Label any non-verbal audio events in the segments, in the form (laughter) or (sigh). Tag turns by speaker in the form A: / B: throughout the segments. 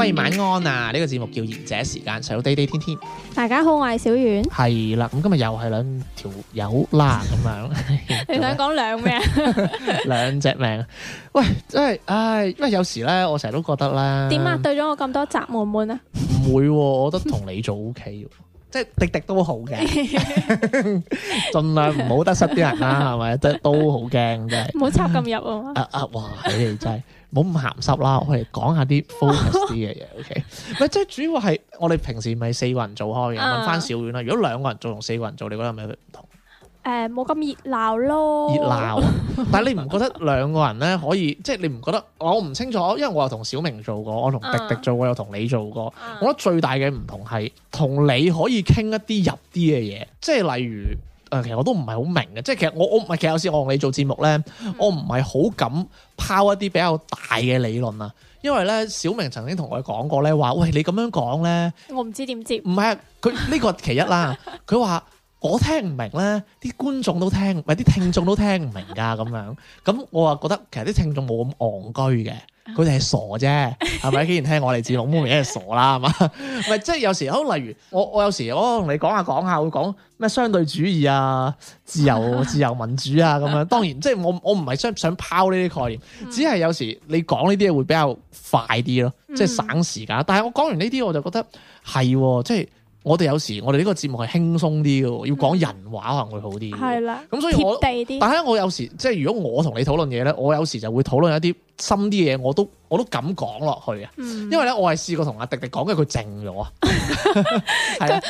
A: 各位，晚安啊！呢個節目叫《賢者時間》，細佬弟弟天天。
B: 大家好，我係小遠。
A: 係啦，咁今日又係兩條友啦，咁樣。
B: 你想講兩咩啊？
A: 兩隻命。喂，真係，唉，因為有時咧，我成日都覺得啦。點啊？
B: 對咗我咁多集，悶唔悶啊？
A: 唔會，我覺得同你做 OK，即係滴滴都好嘅，盡量唔好得失啲人啦，係咪？即係都好驚真係，
B: 唔好插咁入
A: 啊！啊啊，哇，你真係～冇咁鹹濕啦， (laughs) 我哋講下啲 focus 嘅嘢，OK？唔即係主要話係我哋平時咪四個人做開嘅， (laughs) 問翻小婉啦。如果兩個人做同四個人做，你覺得有咩唔同？
B: 誒、呃，冇咁熱鬧咯。熱鬧，
A: (laughs) 但係你唔覺得兩個人咧可以，即係你唔覺得？ (laughs) 我唔清楚，因為我同小明做過，我同迪迪做過，又同你做過。 (laughs) 我覺得最大嘅唔同係同你可以傾一啲入啲嘅嘢，即係例如。誒、嗯，其實我都唔係好明嘅，即係其實我我唔係，其實有時我同你做節目咧，我唔係好敢拋一啲比較大嘅理論啊，因為咧小明曾經同我講過咧，話喂你咁樣講咧，我唔知點接。唔係啊，佢呢個其一啦。佢話 (laughs) 我聽唔明咧，啲觀眾都聽，唔係啲聽眾都聽唔明噶咁樣。咁我話覺得其實啲聽眾冇咁戇居嘅。.佢哋係傻啫，係咪？既然聽我哋節目，咪係傻啦，係 (laughs) 嘛？係即係有時好，例如我我有時我同你講下講下，會講咩相對主義啊、自由自由民主啊咁樣。當然，即係我我唔係想想拋呢啲概念，只係有時你講呢啲嘢會比較快啲咯，即係、嗯、省時間。但係我講完呢啲，我就覺得係即係。我哋有時我哋呢個節目係輕鬆啲嘅，要講人話可能會好啲。係啦、嗯，
B: 咁所以貼地啲，但係
A: 我有時即係如果我同你討論嘢咧，我有時就會討論一啲深啲嘢，我都我都敢講落去啊。因為咧，我係試過同阿迪迪講嘅，佢靜咗啊。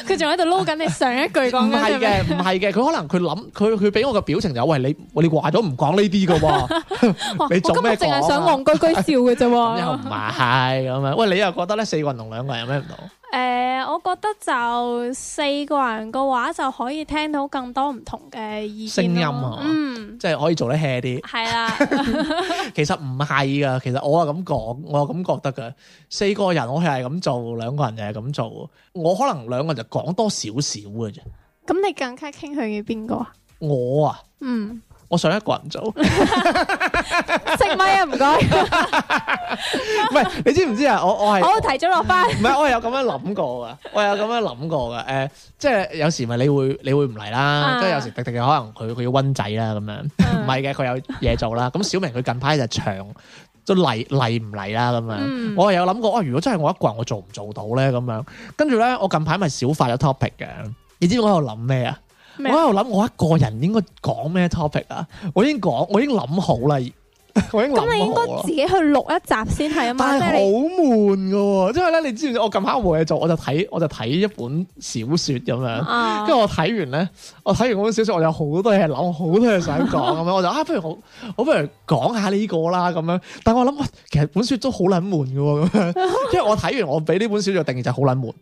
B: 佢仲喺度撈緊你上一句講。唔係嘅，唔係
A: 嘅，佢可能佢諗，佢佢俾我嘅表情就係、喂你，你話咗唔講呢啲嘅喎。 (laughs) 哇 (laughs) 你做
B: 咩講？我今日淨係想戇居居笑嘅啫喎。又
A: 唔係咁啊？喂，你又覺得咧，四個人同兩個人有咩唔同？
B: 誒、呃，我覺得就四個人嘅話就可以聽到更多唔同嘅意聲音，咯，嗯，
A: 即係可以做得 hea 啲。係啦是的， (laughs) (laughs) 其實唔係噶，其實我係咁講，我係咁覺得噶。四個人我係係咁做，兩個人就係咁做，我可能兩個人就講多少少嘅啫。
B: 咁你更加傾向於邊個啊？
A: 我啊，嗯。嗯我想一個人做，
B: (laughs) (laughs) 食咪啊唔該，
A: 唔係你， (laughs) (laughs) 你知唔知啊？我我係 (laughs) 我提
B: 早落班，唔係我係有
A: 咁樣諗過噶，我有咁樣諗過噶。誒、呃，即係有時咪你會你會唔嚟啦，即係、啊、有時滴滴又可能佢佢要溫仔啦咁樣，唔係嘅佢有嘢做啦。咁小明佢近排就長都嚟嚟唔嚟啦咁樣，嗯、我係有諗過。哇、哎！如果真係我一個人，我做唔做到咧咁樣？跟住咧，我近排咪少發咗 topic 嘅。你知，知我喺度諗咩啊？我喺度諗，我一個人應該講咩 topic 啊？我已經講，我已經諗好啦。
B: 咁你應該自己去錄一集先係啊嘛，但係好悶嘅喎，因為咧你知唔知我近排
A: 冇嘢做，我就睇我就睇一本小説咁樣，跟住、啊、我睇完咧，我睇完嗰本小説我有好多嘢諗，好多嘢想講咁樣，我就，我 (laughs) 我就啊不如我，我不如講下呢個啦咁樣，但係我諗其實本書都好撚悶嘅喎，因為我睇完我俾呢本小説定義就好撚悶，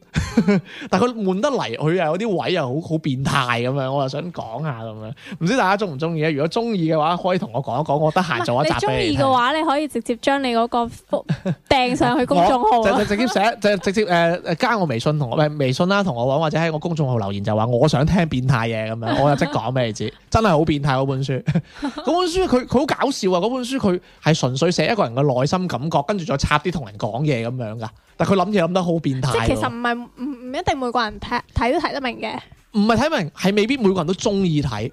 A: 但佢悶得嚟，佢又有啲位又好好變態咁樣，我又想講下咁樣，唔知大家中唔中意咧？如果中意嘅話，可以同我講一講，我得閒做一集。中意嘅
B: 話， (laughs) 你可以直接將你嗰個覆掟上去公眾
A: 號 (laughs) 直接寫，就直接誒誒加我微信同我，唔係微信啦，同我搵或者喺我公眾號留言，就話我想聽變態嘢咁樣，我又即講咩字， (laughs) 真係好變態嗰本書。嗰 (laughs) 本書佢佢好搞笑啊！嗰本書佢係純粹寫一個人嘅內心感覺，跟住再插啲同人講嘢咁樣噶。但佢諗嘢諗得好變態。即係其實唔係
B: 唔唔一定每個人睇睇都睇得明嘅。
A: 唔係睇明，係未必每個人都中意睇，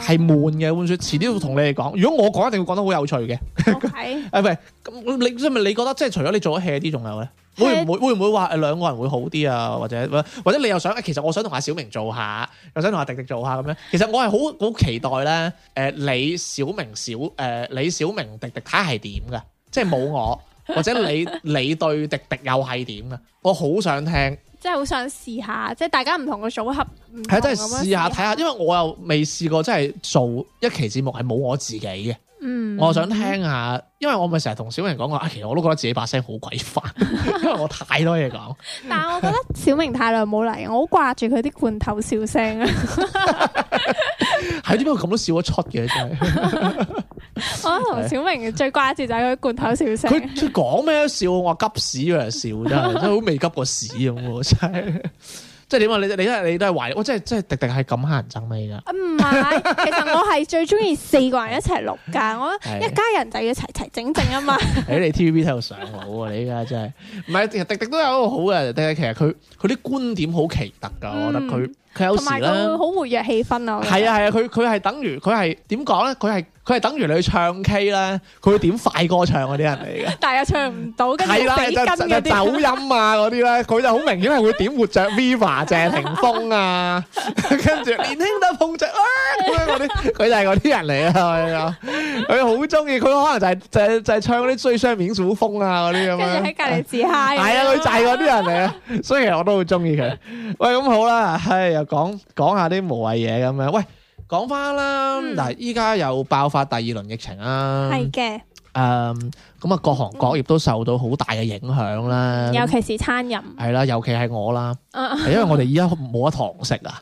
A: 係悶嘅。換句話說，遲啲要同你哋講。如果我講，一定會講得好有趣嘅。係 Okay. (laughs) 誒，喂，咁你咁咪你覺得，即係除咗你做咗戲啲，仲有咧？會唔會會唔會話兩個人會好啲啊？或者或者你又想，其實我想同阿小明做下，又想同阿迪迪做下咁樣。其實我係好好期待咧。誒、呃，你小明小誒，你、呃、小明迪迪睇係點嘅？即係冇我， (laughs) 或者你你對迪迪又係點嘅？我好想聽。
B: 真係好想試下，即係大家唔同嘅組合，係真係試下
A: 睇下，因為我又未試過，真係做一期節目係冇我自己
C: 嘅。嗯，我想聽
A: 下，因為我咪成日同小明講話，其實我都覺得自己把聲好鬼煩， (laughs) 因為我太多嘢講。嗯、但係我
B: 覺得小明太耐冇嚟，我好掛住佢啲罐頭笑聲
A: 啊！係點解咁都笑得出嘅？真係。 (laughs)
B: 我同小明最掛住就係佢罐頭笑聲。
A: 佢講咩都笑，我急屎啊笑真，真係真係好未急過屎咁，真係。即係點、哦、啊？你你都係你都係懷疑，我真係真係迪迪係咁吓人憎你噶。
B: 唔係，其實我係最中意四個人一齊錄噶。 (laughs) 我一家人就要齊齊整整啊嘛。
A: 喺、 (laughs) 哎、你 TVB 睇到上腦啊，你而家真係。唔係，迪迪都有一個好嘅。迪迪其實佢佢啲觀點好奇特噶，我覺得佢。佢有時咧，同埋佢
B: 好活躍氣氛啊！係
A: 啊，係啊，佢佢係等於佢係點講咧？佢係佢係等於你去唱 K 咧，佢會點快歌唱嗰啲人嚟
B: 嘅。但係唱唔到，係啦，就就走音
A: 啊嗰啲咧，佢就好明顯係會點活著 Viva 謝霆鋒啊，
B: 跟住年輕得捧着
A: 啊嗰啲，佢就係嗰啲人嚟啊。佢好中意，佢可能就係、是、就係、是、就係、是就是、唱嗰啲追雙面小風啊嗰啲咁樣就。跟住喺隔籬自嗨。係啊，佢就係嗰啲人嚟啊，所以我都好中意佢。喂，咁好啦，係。又講講下啲無謂嘢咁樣，喂，講翻啦，嗱，依家又爆發第二輪疫情啦，係
B: 嘅，
A: 誒，咁啊，各行各業都受到好大嘅影響啦，尤其是餐飲，係啦，尤其係我啦，係因為我哋依家冇得堂食啊，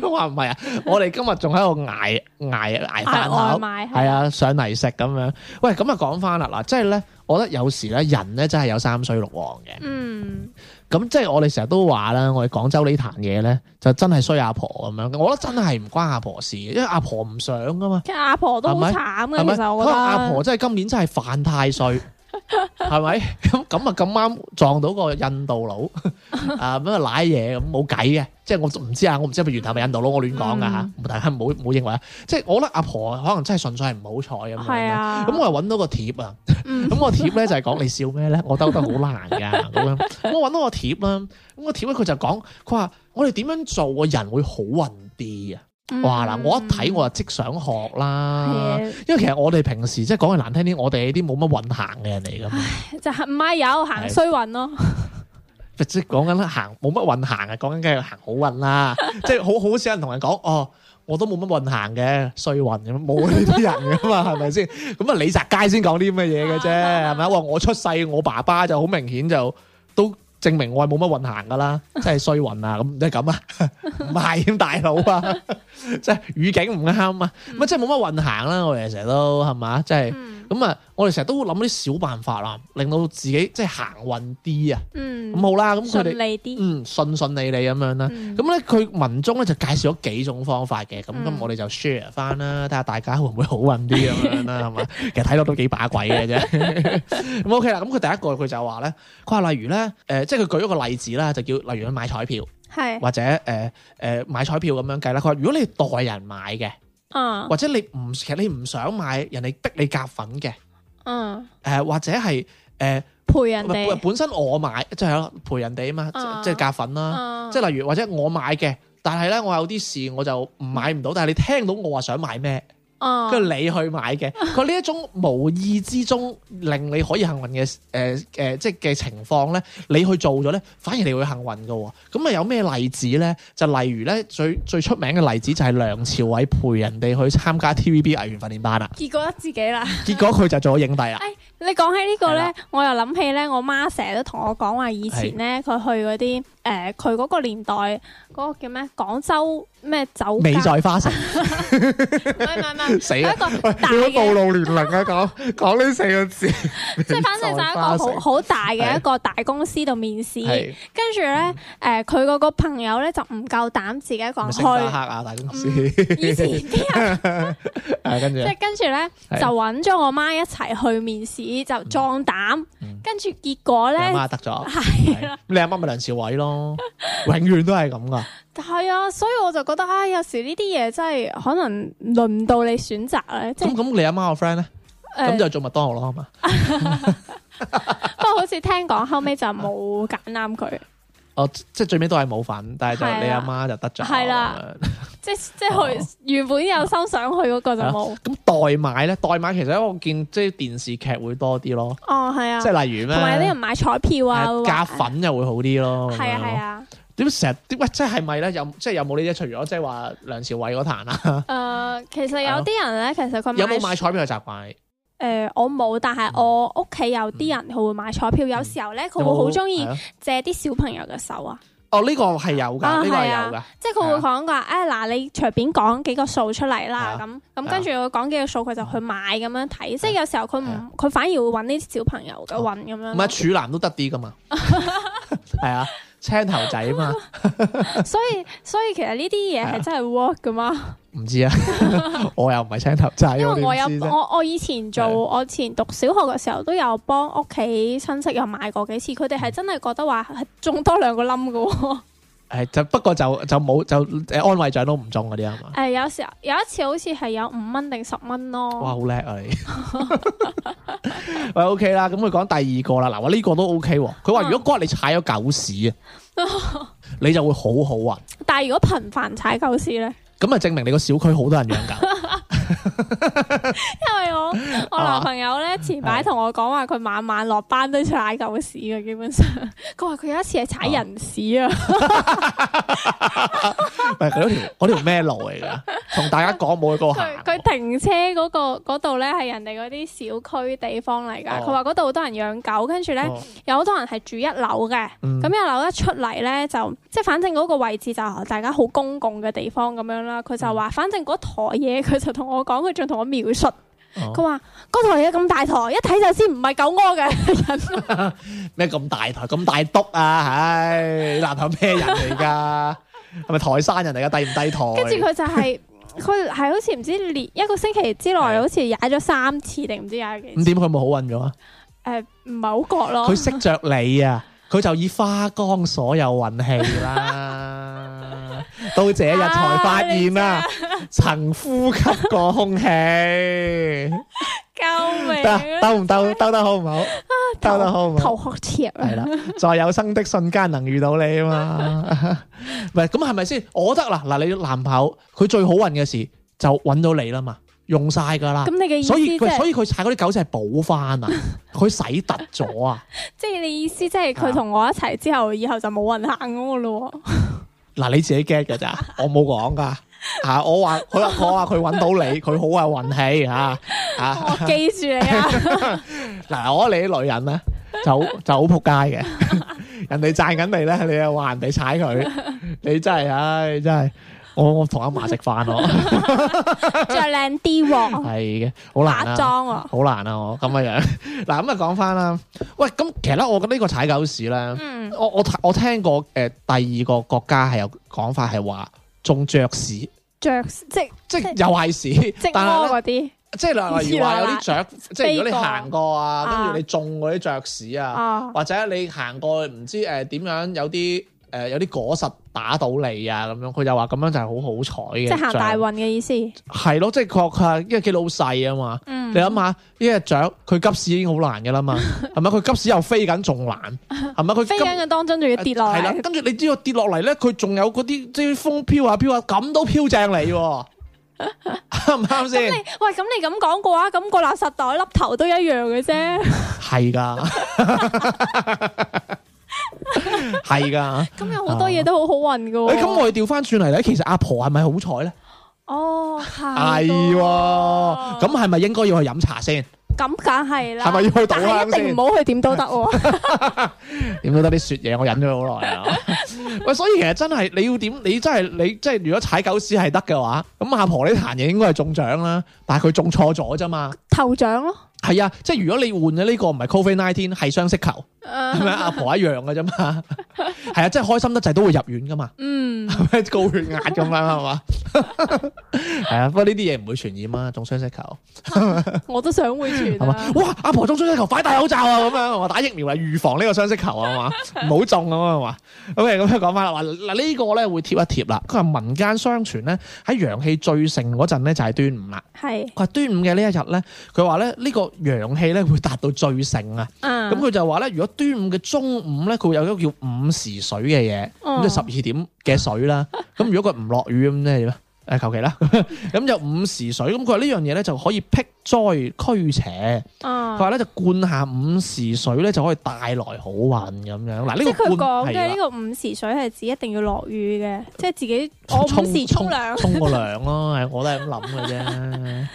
B: 都話
A: 唔係啊，我哋今日仲喺度挨挨挨飯口，係啊，上嚟食咁樣，喂，咁啊，講翻啦，嗱，即係咧，我覺得有時咧，人咧真係有三衰六旺嘅，嗯。咁即係我哋成日都話啦，我哋廣州呢壇嘢咧，就真係衰阿婆咁樣。我覺得真係唔關阿婆事，因為阿婆唔想噶嘛。其實阿婆都好慘嘅，係咪？其實我覺得，阿婆真係今年真係犯太歲。 (laughs) 係咪咁，咁啊，咁啱撞到個印度佬 (laughs) 啊咩瀨嘢咁冇計嘅，即係我唔知啊，我唔知係咪源頭係咪印度佬，我亂講噶吓，大家唔好唔好認為啊，即係我覺得阿婆可能真係純粹係唔好彩咁樣，咁我係搵到個貼啊，咁個貼咧就係講你笑咩咧，我兜得好難噶咁樣，我搵到個貼啦，咁個貼咧佢就講，佢話我哋點樣做個人會好運啲啊？哇！嗱，我一睇我就即想學啦，因為其實我哋平時即係講句難聽啲，我哋啲冇乜運行嘅人嚟噶嘛，
B: 就係唔係有運 (laughs) 即行衰運咯？
A: 即係講緊行冇乜運行啊，講緊梗係行好運啦，即係好好少人同人講哦，我都冇乜運行嘅衰運咁，冇呢啲人噶嘛，係咪先？咁啊，李澤楷先講啲乜嘢嘅啫，係咪啊？嗯嗯、我出世，我爸爸就好明顯就都。證明我係冇乜運行噶啦，真係衰運啊！咁即係咁啊，唔係添，大佬啊，即係語境唔啱啊，乜即係冇乜運行啦！我哋成日都係嘛，即係。咁啊，我哋成日都會諗啲小辦法啦，令到自己即係行運啲啊，
C: 咁好啦，咁順利
A: 啲，嗯，順順、嗯利，嗯、利利咁樣啦。咁咧、嗯，佢文中咧就介紹咗幾種方法嘅。咁、嗯，咁我哋就 share 翻啦，睇下大家會唔會好運啲咁樣啦，係嘛？ (laughs) 其實睇落都幾把鬼嘅啫。咁 OK 啦。咁佢第一個佢就話咧，佢話例如咧，誒、呃，即係佢舉咗個例子啦，就叫例如買彩票，
C: 係是或者
A: 誒誒、呃呃、買彩票咁樣計啦。佢話如果你代人買嘅。或者你唔其實你唔想買，人哋逼你夾粉嘅。嗯，誒、呃、或者係誒陪人哋，本身我買就係、是、咯陪人哋啊嘛，嗯、即係夾、就是、粉啦。嗯、即係例如或者我買嘅，但係咧我有啲事我就唔買唔到，但係你聽到我話想買咩？跟住、哦、你去買嘅，佢呢一種無意之中令你可以幸運嘅誒誒，即係嘅情況咧，你去做咗咧，反而你會幸運噶、哦。咁啊有咩例子咧？就例如咧，最最出名嘅例子就係梁朝偉陪人哋去參加 TVB 藝員訓練班啦，
B: 結果得自己啦。 (laughs)
A: 結果佢就做咗影帝
B: 啦。誒、哎，你講起呢、這個咧，的我又諗起咧，我媽成日都同我講話，以前咧佢去嗰啲誒，佢嗰的、呃、個年代。嗰個叫咩？廣州咩酒？美在花城。
A: 唔係唔係唔係，死一個大嘅，點樣暴露年齡啊？講講呢四個字。即係反正就係一個好好
B: 大嘅一個大公司度面試，跟住咧誒，佢嗰個朋友咧就唔夠膽自己講去。成巴黑啊！
A: 大公司。以前啲人。跟住。即係
B: 跟住咧，就揾咗我媽一齊去面試，就壯膽。跟住結果咧。阿媽得
A: 咗。係啦。你阿媽咪梁朝偉咯，永遠都係咁噶。
B: 係啊，所以我就覺得啊，有時呢啲嘢真係可能輪唔到你選擇咧。咁咁，
A: 你阿媽個 friend 咧，咁就做麥當勞咯，係嘛？
B: 不過好似聽講後尾就冇揀啱佢。
A: 哦，即係最尾都係冇份，但係就你阿媽就得咗。係
B: 啦，即係即係佢原本有心想去嗰個就冇。
A: 咁代買咧，代買其實我見即係電視劇會多啲咯。哦，係
B: 啊，即係例如咩？同埋啲人買彩票啊，夾
A: 粉就會好啲咯。係啊，係啊。點成日點喂？即係咪咧？有即係有冇呢啲，除咗即係話梁兆偉嗰壇啊。
B: 誒，其實有啲人咧，其實佢有冇買彩票嘅習慣？誒、呃，我冇，但係我屋企有啲人佢會買彩票。有時候咧，佢會好中意借啲小朋友嘅手、哦這
A: 個、啊。哦，呢個係有噶，係啊，即
B: 係佢會講噶。誒、哎，嗱，你隨便講幾個數出嚟啦。咁咁、啊，跟住佢講幾個數，佢就去買咁樣睇。啊、即係有時候佢唔，佢、啊、反而會揾啲小朋友嘅揾咁樣。唔係處
A: 男都得啲噶嘛？係啊。 (laughs) (laughs) (laughs) 青頭仔啊嘛，
B: (laughs) 所以所以其實呢啲嘢，係真係 work 噶嘛？
A: 唔 (laughs) 知啊， (laughs) 我又唔係青頭仔。 (laughs) 因為我有我
B: 我以前做，我以前讀小學嘅時候都有幫屋企親戚又買過幾次，佢哋係真係覺得話中多兩個冧噶啊。 (laughs)
A: 誒，就、哎、不過就就冇就誒安慰獎都唔中嗰啲啊嘛。
B: 誒、哎，有時有一次好似係有五蚊定十蚊咯。哇，
A: 好叻啊你、 (laughs) (laughs) 哎。喂，OK 啦，咁佢講第二個啦。嗱、啊，我呢個都 OK。佢話如果嗰日你踩咗狗屎，
B: (laughs)
A: 你就會好好運
B: 啊。但係如果頻繁踩狗屎咧？
A: 咁啊，證明你個小區好多人養狗。 (laughs)
B: (laughs) 因為我我男朋友咧前排同我講話佢晚晚落班都踩狗屎嘅，基本上佢話佢有一次係踩人屎
A: 啊！唔係條條咩路嚟噶？同大家講冇去過。
B: 佢停車嗰個度咧係人哋嗰啲小區地方嚟噶。佢話嗰度好多人養狗，跟住咧有好多人係住一樓嘅。咁一樓一出嚟咧就即係、就是、反正嗰個位置就大家好公共嘅地方咁樣啦。佢就話反正嗰台嘢佢就同我我講佢仲同我描述，佢話嗰台嘢咁大台，一睇就知唔係狗屙嘅人。
A: 咩 (laughs) 咁 (laughs) 大台咁大篤啊？唉、哎，男朋友咩人嚟㗎？係咪 (laughs) 台山人嚟㗎？低唔低台？跟住佢
B: 就係佢係好似唔知連 (laughs) 一個星期之內，好似踩咗三次定唔是知踩幾次？
A: 咁點佢冇好運咗
B: 啊？誒、呃，唔係好覺咯。佢識
A: 着你啊！佢就以花光所有運氣啦。 (laughs) 到這日才發現啦、啊，啊、曾呼吸過空氣。
C: 救命！得兜唔
A: 兜兜得好唔好？兜、啊、得好，好，好。
B: 頭殼貼啊！係啦，
A: 在有生的瞬間能遇到你嘛？係咁係咪先？我得啦嗱，你男朋友佢最好運嘅事就揾到你啦嘛，用晒噶啦。咁你嘅意思即、就是、所以佢踩嗰啲狗仔係補翻啊？佢使突咗啊？
B: 即係你意思即係佢同我一齊之後，以後就冇運行咁噶咯？ (laughs)
A: 嗱，你自己 get 噶咋？我冇講噶，吓、 (laughs) 啊、我話佢話我話佢揾到你，佢好有運氣吓吓。啊 (laughs) 啊、我記住你啊！嗱、 (laughs) 啊，我你啲女人咧，就好就好仆街嘅， (laughs) 人哋讚緊你咧，你又話人哋踩佢、 (laughs) 啊，你真係唉真係。我我同阿嫲食飯咯，
B: 着靚啲喎，
A: 係嘅，好難啊，裝啊，好難啊，我咁嘅樣。嗱咁啊，講翻啦。喂，咁其實咧，我覺得呢個踩狗屎咧，嗯，我我我聽過誒，第二個國家係有講法係話種雀屎，
B: 雀即即又係屎，即屙嗰啲，即例如話有啲雀，即如果你行過
A: 啊，跟住你種嗰啲雀屎啊，或者你行過唔知誒點樣有啲。誒有啲果實打到你啊咁樣，佢就話咁樣就係好好彩嘅，即係行大運嘅意思。係咯，即係確係，因為佢老細啊嘛。你諗下，呢隻雀佢急屎已經好難嘅啦嘛，係咪？佢急屎又飛緊，仲難，係咪？佢飛緊嘅當中仲要跌落嚟。係啦，跟住你知道跌落嚟咧，佢仲有嗰啲即係風飄呀飄呀，咁都飄正你喎，
B: 啱唔啱先？喂，咁你咁講嘅話，咁個垃圾袋粒頭都一樣嘅啫。
A: 係㗎。係噶，咁
B: (laughs) 的有好多嘢都好好運噶。咁、嗯、我哋
A: 調翻轉嚟咧，其實阿婆係咪好彩咧？
B: 哦，係。
A: 咁係咪應該要去飲茶先？
B: 咁梗係啦，係咪 (laughs) 要去倒啊？一定唔好去點都得，
A: 點都得啲雪嘢，我忍咗好耐。喂， (laughs) 所以其實真係你要點？你真係你即係如果踩狗屎係得嘅話，咁阿婆呢壇嘢應該係中獎啦。但係佢中錯咗啫嘛，頭獎咯。係啊，即係如果你換咗呢、呢個唔係 Covid 19，係雙色球，
C: 係咪阿婆
A: 一樣嘅啫嘛？係 (laughs) 啊，即係開心得滯都會入院噶嘛，咪？嗯、 (laughs) 高血壓咁樣係嘛？ (laughs) 係啊， (laughs) 不過呢啲嘢唔會傳染啊，中雙色球、 (laughs)
B: 啊，我都想會傳啊。 (laughs) 哇，阿婆
A: 中雙色球，快戴口罩啊！咁樣，我打疫苗嚟預防呢個雙色球 (laughs) 啊嘛，唔好中咁啊嘛。咁、okay, 誒，咁樣講翻啦。嗱，呢個咧會貼一貼啦。佢話民間相傳咧喺陽氣最盛嗰陣咧就係端午啦。係是。佢話端午嘅呢一日咧，佢話咧呢個陽氣咧會達到最盛啊。咁佢就話咧，嗯、如果端午嘅中午咧，佢有一個叫午時水嘅嘢，咁即十二點嘅水啦。咁 (laughs) 如果佢唔落雨咁咧。誒，求其啦，咁、 (laughs) 嗯、就午時水，咁佢話呢樣嘢咧就可以辟災驅邪。啊，佢話咧就灌下午時水咧就可以帶來好運咁樣。嗱、啊，呢、這個即係佢講嘅呢
B: 個午時水係指一定要落雨嘅，嗯、即係自己我午時沖涼沖個涼
A: 咯、啊， (laughs) 我都係咁諗嘅啫。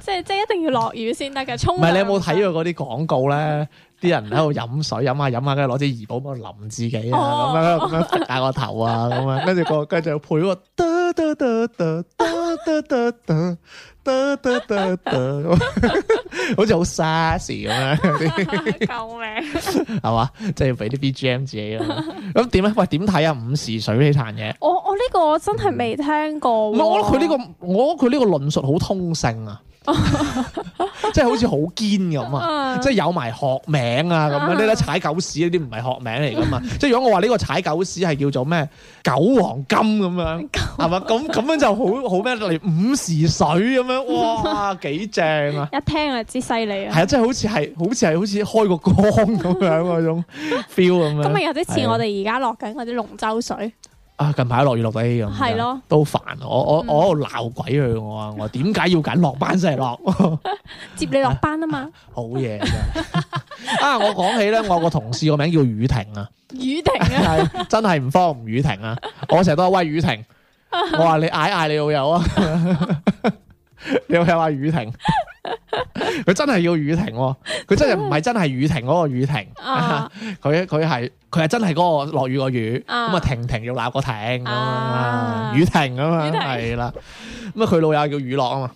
B: (laughs) 即係即係一定要落雨先得嘅，沖涼，
A: 唔係你有冇睇過嗰啲廣告咧？嗯啲人喺度飲水飲下飲下，跟住攞支怡寶喺度淋自己啊，咁樣咁樣揈下個頭啊，咁樣跟住個跟住要配喎，得得得得得得得得好似好沙士咁啊救命，係嘛？即係要俾啲 BGM 自己咯。咁點咧？喂，點睇啊？午時水呢壇嘢？
B: 我我呢個我真係未聽過。我覺得佢呢個我
A: 佢呢個論述好通勝啊。即係 (laughs) 好似好堅咁啊！即係有埋學名啊，咁樣啲咧踩狗屎呢啲唔係學名嚟噶嘛？即係如果我話呢個踩狗屎係叫做咩狗黃金咁樣，係嘛？咁咁樣就好好咩嚟？午時水咁樣，哇，幾正啊！ (laughs)
B: 一聽啊，知犀利啊！係啊，
A: 即係好似係，好似係，好似開個光咁樣嗰種 feel 咁樣。咁咪 (laughs) 有啲似我
B: 哋而家落緊嗰啲龍舟水。
A: 啊！近排落雨落到起咁，係咯，都煩我我我喺度鬧鬼佢我話，我點解要緊落班先係落？
B: 接你落班啊嘛，
A: 好嘢！啊，我講起咧、啊， (laughs) 我個同事個名叫雨婷啊，
B: 雨婷啊，
A: 真係唔方唔雨婷啊，我成日都喂，雨婷，我你喊喊你 (laughs) 你話你嗌嗌你老友啊，你要係阿雨婷。佢 (laughs) 真係要雨停，喔，佢真係唔係真係雨停嗰個雨停，佢佢係佢係真係嗰個落雨個雨，咁啊停停要鬧個停，啊、雨停啊嘛，係停啦，咁啊佢老友叫雨落啊嘛，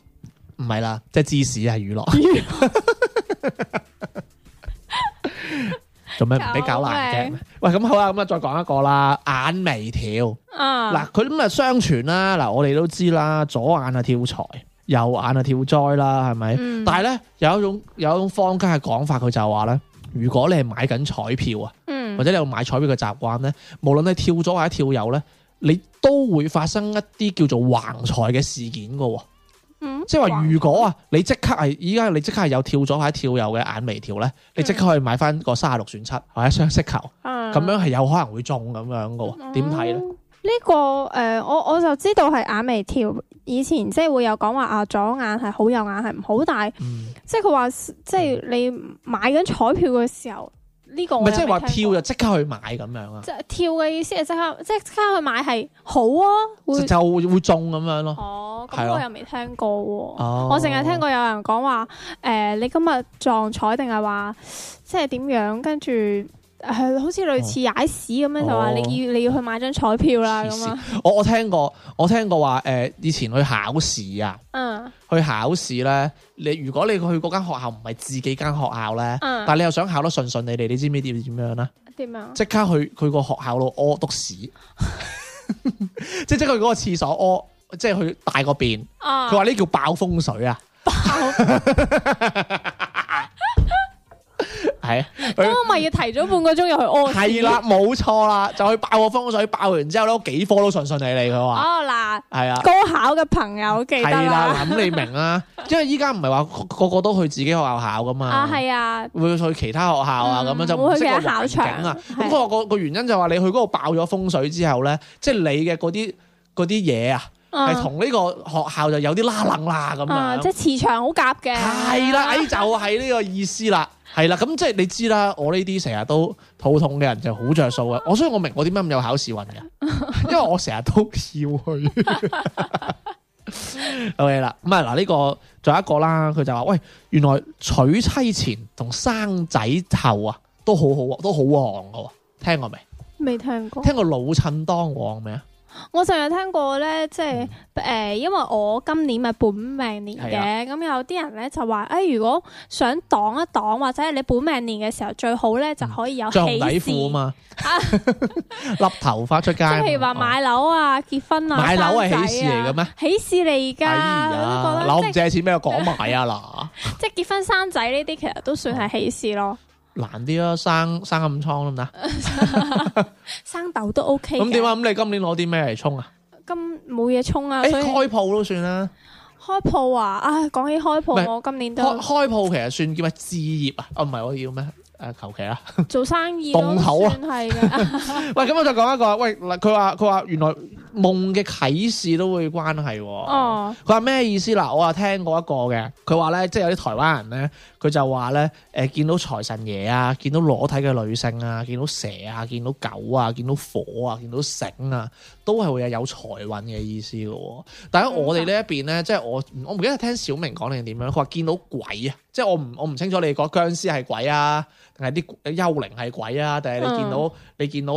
A: 唔係啦，即係芝士係雨落，做咩唔俾搞爛啫？命喂，咁好啦，咁啊再講一個啦，眼眉跳，嗱佢咁啊相傳啦，嗱我哋都知啦，左眼啊跳財。右眼啊跳災啦，係咪？嗯、但係咧，有一種有一種坊間嘅講法，佢就話咧，如果你係買緊彩票啊，嗯、或者你有買彩票嘅習慣咧，無論你跳左或者跳右咧，你都會發生一啲叫做橫財嘅事件㗎。即係話，如果啊，你即刻係依家你即刻係有跳左或者跳右嘅眼眉跳咧，你即刻可以買翻個三十六選七或者雙色球，咁、嗯、樣係有可能會中咁樣㗎。點睇咧？呢、嗯嗯
B: 這個誒、呃，我我就知道係眼眉跳。以前即係會有講話啊，左眼係好，右眼係唔好，但係即係佢話即係你買緊彩票嘅時候呢、嗯、個唔係即係話跳
A: 就即刻去買咁樣啊？即
B: 係跳嘅意思係即刻即刻去買係好啊，會
A: 就會中咁樣咯。哦，咁我又未
B: 聽過。哦、啊，我淨係聽過有人講話誒，你今日撞彩定係話即係點樣跟住？係好似類似踩屎咁樣，哦、就話你要你要去買張彩票啦
A: 咁啊！樣我我聽過，我聽過話，誒、呃，以前去考試啊，嗯，去考試咧、啊，你如果你去嗰間學校唔係自己間學校咧、啊，嗯、但係你又想考得順順利利，你知唔知點點樣咧？點啊、嗯？即刻去佢個學校度屙督屎，即係即去嗰個廁所屙，即係去大個便。佢話呢叫爆風水啊！ (laughs) (laughs) 咁我
B: 咪要提早半個鐘又去安？係啦，冇錯啦，就去爆個
A: 風水，爆完之後咧，幾科都順順利利。佢話哦嗱，係啊，高
B: 考嘅朋友記得啦。咁
A: 你明啦，因為依家唔係話個個都去自己學校考噶嘛。啊，係啊，會去其他學校啊，咁樣就即係考場啊。咁我個個原因就係話你去嗰度爆咗風水之後咧，即係你嘅嗰啲啲嘢啊，係同呢個學校就有啲拉楞啦咁啊，即係磁
B: 場好夾嘅。係啦，就係
A: 呢個意思啦。係啦，咁即係你知啦，我呢啲成日都肚痛嘅人就好着數啊！我所以我明我點解咁有考試運嘅，因為我成日都笑佢。 (laughs) OK 啦，唔係嗱，呢個仲有一個啦，佢就話喂，原來娶妻前同生仔後啊，都好好，都好旺嘅，聽過未？
B: 未聽過？聽過
A: 老襯當旺未啊？
B: 我成有聽過咧，即係誒，因為我今年咪本命年嘅，咁的有啲人咧就話，誒，如果想擋一擋或者係你本命年嘅時候，最好咧就可以有喜事。藏、嗯、底褲嘛，
A: 笠 (laughs) (laughs) (laughs) 頭髮出街。即係譬如話買
B: 樓啊、哦、結婚啊、生仔啊。買樓係喜事嚟嘅咩？喜事嚟噶，樓唔、哎、呀借錢
A: 俾我講埋啊嗱。即
B: 係、就是、 (laughs) 結婚生仔呢啲，其實都算係喜事咯。
A: 難啲咯、啊，生生暗瘡唔得？
B: (laughs) 生豆都 OK。咁點啊？咁你
A: 今年攞啲咩嚟沖啊？
B: 今冇嘢沖啊！欸、以開鋪都算啦。開鋪啊！唉、啊，講起開鋪，是我今年都開
A: 開鋪其實算叫咩置業啊？哦、啊，唔係我要咩？誒，求其啊！
B: 做生意都算係嘅。
A: (laughs) 喂，咁我就講一個。喂，嗱，佢話佢話原來。夢嘅啟示都會關係。哦，佢話咩意思嗱，我啊聽過一個嘅，佢話咧，即係有啲台灣人咧，佢就話咧，誒、呃，見到財神爺啊，見到裸體嘅女性啊，見到蛇啊，見到狗啊，見到火啊，見到繩啊，都係會有財運嘅意思嘅，哦。但係我哋呢一邊咧，嗯、即係我我唔記得聽小明講定點樣，佢話見到鬼啊，即係我唔我唔清楚你講殭屍係鬼啊。係啲幽靈係鬼啊，定係你見到你見到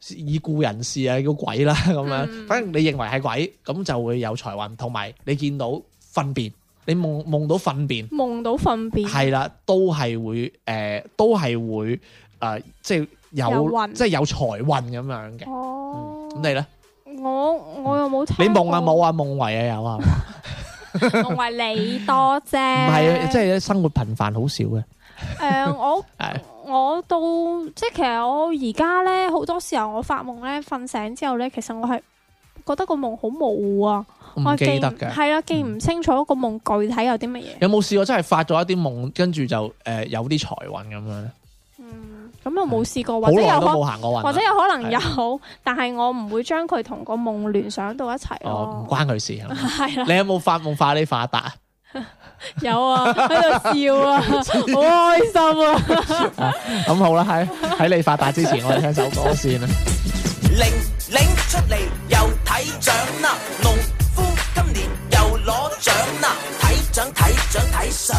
A: 誒已故人士啊叫鬼啦咁樣，反正你認為係鬼，咁就會有財運。同埋你見到糞便，你夢夢到糞便，夢到糞便係啦，都係會誒，都係會誒，即係有即係有財運咁樣嘅。哦，咁你咧？
B: 我我又冇。你夢啊
A: 冇啊夢為啊有啊，夢
B: 為你多啫。唔係，即
A: 係生活頻繁好少嘅。
B: 誒、呃，我我到即係其實我而家咧好多時候我發夢咧，瞓醒之後咧，其實我係覺得個夢好模糊啊，我唔記得嘅係啦，記唔清楚個夢具體有啲乜
A: 嘢。有冇試過真係發咗一啲夢，跟住就誒有啲財運咁樣咧？嗯，
B: 咁啊冇試過，的或者有冇行過運或者有可能有，的但係我唔會將佢同個夢聯想到一齊咯，啊。唔、哦、
A: 關佢事，係
B: 啦。 (laughs) 你
A: 有冇發夢發啲發達啊？
B: 有啊，喺度笑啊，好開
A: 心啊！咁好啦，喺喺你發達之前，我哋聽首歌先啦。
D: 領領出嚟又睇獎啦，農夫今年又攞獎啦，睇獎睇獎睇相，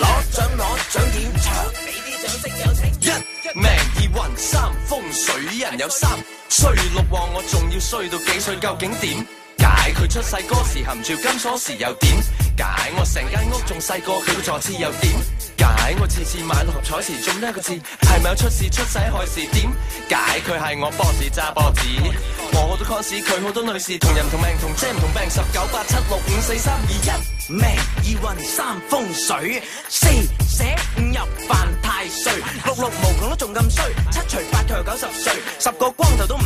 D: 攞獎攞獎點長？你啲掌聲有請，一命二運三風水，人有三衰六旺，我仲要衰到幾歲？究竟點？解佢出世時含住金鎖匙又點解？我成間屋仲細過佢個坐姿又點解？我次次買六合彩時中呢一個字係咪有出事出世害事？點解佢係我 boss 揸波子？我好多 cos 佢好多女士同人同命同車唔同病。十九八七六五四三二一命二運三風水四捨五入犯太歲，六六無窮都仲咁衰七除八卻又九十歲，十個光頭都。唔。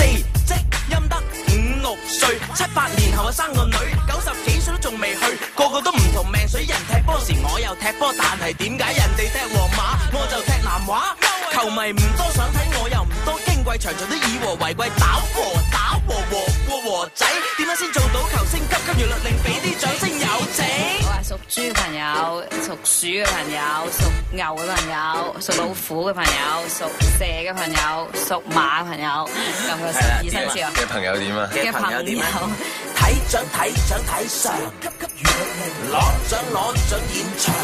D: 生個女，九十幾歲都仲未去，個個都唔同命水。人踢波時我又踢波，但係點解人哋踢皇馬我就踢南華？球迷唔多想睇，我又唔多矜貴。場場都以和為貴，打和打和和過和仔，點樣先做到球星？急急如律令。
E: 豬嘅朋友，屬鼠嘅朋友，屬牛嘅朋友，屬老虎嘅朋友，屬蛇嘅朋友，屬馬嘅朋友，咁嘅意思先至啊！嘅
D: 朋友點啊？嘅朋友點啊？
E: 睇掌睇掌睇相，急急
D: 如律令，攞獎攞獎現場。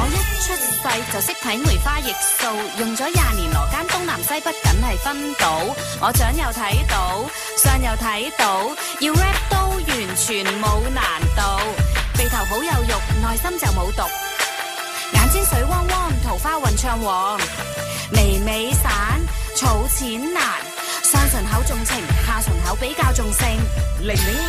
E: 我一出世就識睇梅花易數，用咗廿年羅間東南西北梗係分到。我掌又睇到，相又睇到，要 rap 都完全冇難度。鼻頭好有肉，內心就冇毒，眼睛水汪汪，桃花運暢旺，眉尾散，儲錢難，上唇口重情，下唇口比較重性，玲玲。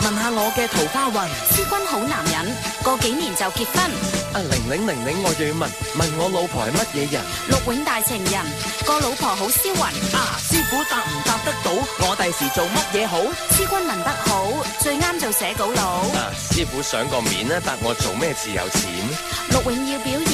E: 問下我嘅桃花運，師君好男人，過幾年就結婚。啊玲
D: 玲玲玲，我又要問，問我老婆係乜嘢人？
E: 陸永大情人，個老婆好銷魂。啊，師傅答唔
D: 答得到？我第時做乜
E: 嘢好？師君問得好，最啱做寫稿佬。
D: 啊，師傅想個面啊，答我做咩字有錢？
E: 陸永要表現。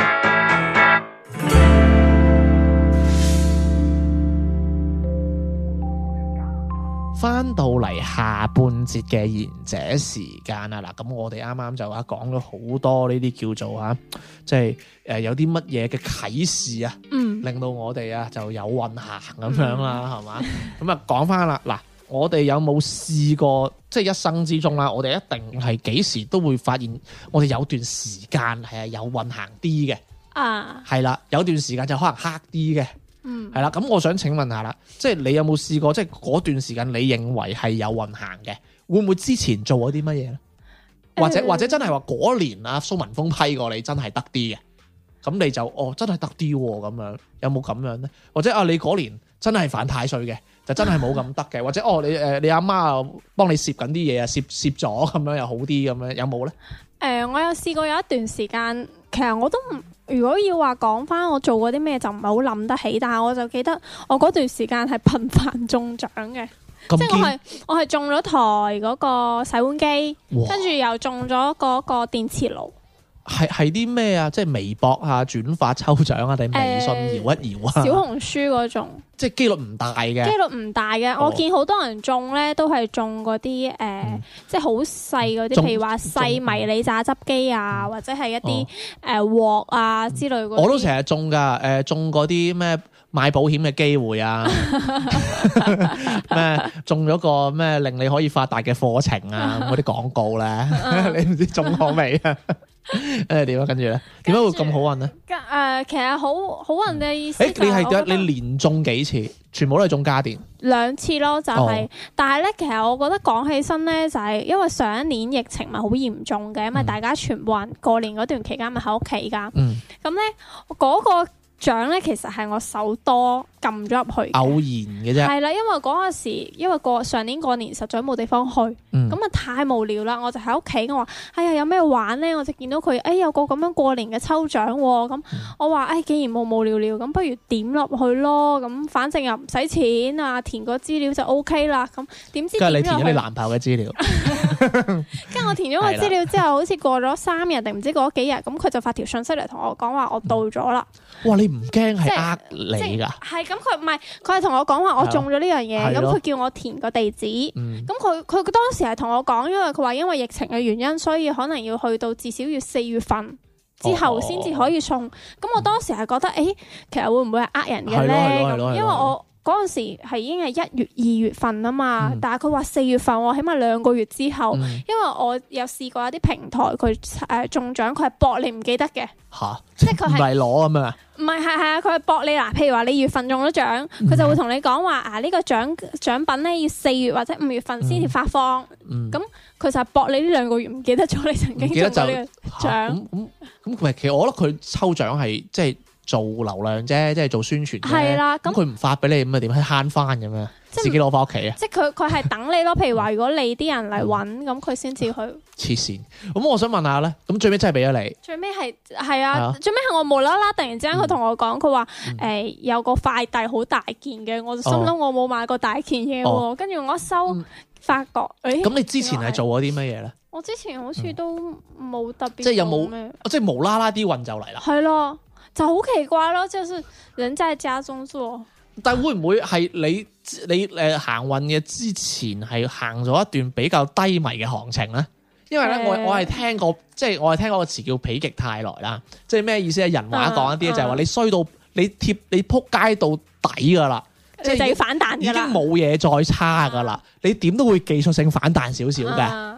A: 翻到嚟下半節嘅賢者時間啊，嗱咁我哋啱啱就啊講咗好多呢啲叫做啊，即係誒有啲乜嘢嘅啟示啊，嗯，令到我哋啊就有運行咁樣啦，係嘛，咁啊講翻啦，嗱我哋有冇試過即係一生之中咧，我哋一定係幾時都會發現，我哋有段時間係有運行啲嘅啊，係啦，有段時間就可能黑啲嘅。嗯，係啦，咁我想請問下啦，即係你有冇試過，即係嗰段時間你認為係有運行嘅，會唔會之前做咗啲乜嘢
C: 咧？或者或者真
A: 係話嗰年啊，蘇文峰批過你真係得啲嘅，咁你就哦真係得啲咁樣，有冇咁樣咧？或者啊，你嗰年真係犯太歲嘅，就真係冇咁得嘅，嗯、或者哦，你誒、呃、你阿媽啊幫你攝緊啲嘢啊，攝攝咗咁樣又好啲咁樣，有冇咧？
B: 誒、呃，我有試過有一段時間。其實我都唔，如果要話講返我做過啲咩就唔係好諗得起，但係我就記得我嗰段時間係頻繁中獎嘅，即係我係我係中咗台嗰個洗碗機，跟住哇又中咗嗰個電磁爐。
A: 係係啲咩啊？即係微博啊，轉發抽獎啊，定係微信搖一搖啊、欸？小紅
B: 書嗰種，即係幾率唔大嘅。幾率唔大嘅，oh. 我見好多人中咧，都係中嗰啲誒，即係好細嗰啲，譬如話細迷你榨汁機啊，嗯、或者係一啲誒鑊啊之類嗰。我都成
A: 日中噶，誒中嗰啲咩買保險嘅機會啊，咩 (laughs) (laughs) 中咗個咩令你可以發達嘅課程啊，嗰啲廣告咧， (laughs) 你唔知中過未啊？誒點啊，跟住咧點解會咁好運咧？
B: 誒、 (laughs) 嗯呃、其實好好運嘅意思誒、欸、你係你
A: 連中幾次，全部都係中家電
B: 兩次咯，就係、是。哦、但係咧，其實我覺得講起身咧，就係、是、因為上一年疫情咪好嚴重嘅，因咪大家全運、嗯、過年嗰段期間咪喺屋企噶。嗯，咁咧嗰個。獎咧其實係我手多撳咗入去，偶
A: 然嘅啫。係啦，
B: 因為嗰陣時，因為過上年過、那個、年實在冇地方去，咁啊、嗯、太無聊啦，我就喺屋企。我話哎呀，有咩玩咧？我就見到佢，哎有個咁樣過年嘅抽獎咁，我話哎，既然冇無，無聊聊，咁不如點落去咯。咁反正又唔使錢啊，填個資料就 O K 啦。咁點知？跟住你填咗你男朋
A: 友嘅資料，
B: (laughs) (laughs) 跟住我填咗個資料之後，好似過咗三日定唔知過咗幾日，咁佢了就發條信息嚟同我講話，我到咗啦、嗯。哇！你唔驚係呃你噶？係咁，佢唔係，佢係同我講話，我中咗呢樣嘢，咁佢的叫我填個地址。咁佢佢當時係同我講，因為佢話因為疫情嘅原因，所以可能要去到至少要四月份之後先至可以送。咁、哦、我當時係覺得，誒、欸，其實會唔會係呃人嘅咧？因為我。嗰陣時係已經係一月二月份啊嘛，嗯、但係佢話四月份喎，起碼兩個月之後，嗯、因為我有試過有啲平台，佢誒中獎佢係博你唔記得嘅
A: 嚇，哈即係佢係唔係攞咁啊？
B: 唔係係係啊，佢係博你嗱，譬如話你月份中咗獎，佢就會同你講話、嗯、啊呢、呢個獎獎品咧要四月或者五月份先至發放，咁佢、嗯嗯、就係博你呢兩個月唔記得咗你曾經中過呢個獎。咁
A: 咁、嗯嗯嗯嗯嗯嗯、其實我覺得佢抽獎係即係。就係做流量啫，即係做宣傳啫。係啦，咁佢唔發俾你，咁咪點啊慳翻咁樣，自己攞翻屋企啊？
B: 即係佢，佢係等你咯。譬如話，如果你啲人嚟搵，咁佢先至去。黐線！咁我想
A: 問下咧，咁最尾真係俾咗你？
B: 最尾係，係啊，最尾係我無啦啦，突然之間佢同我講，佢話誒有個快遞好大件嘅，我就心諗我冇買過大件嘢。跟住我一收，發覺誒。咁你
A: 之前係做過啲乜嘢咧？
B: 我之前好似都冇特別，即係有冇？
A: 即係無啦啦啲運就嚟啦。係
B: 咯。就好奇怪咯，就是人在家中坐，
A: 但會唔會係你你誒行運嘅之前係行咗一段比較低迷嘅行程咧？
B: 因為咧我、欸、我係聽
A: 過即係、就是、我係聽過個詞叫否極泰來啦，即係咩意思？人話講一啲就係話你衰到你貼你扑街到底噶啦，即係要反彈，已經冇嘢再差噶啦，啊、你點都會技術性反彈少少嘅。啊啊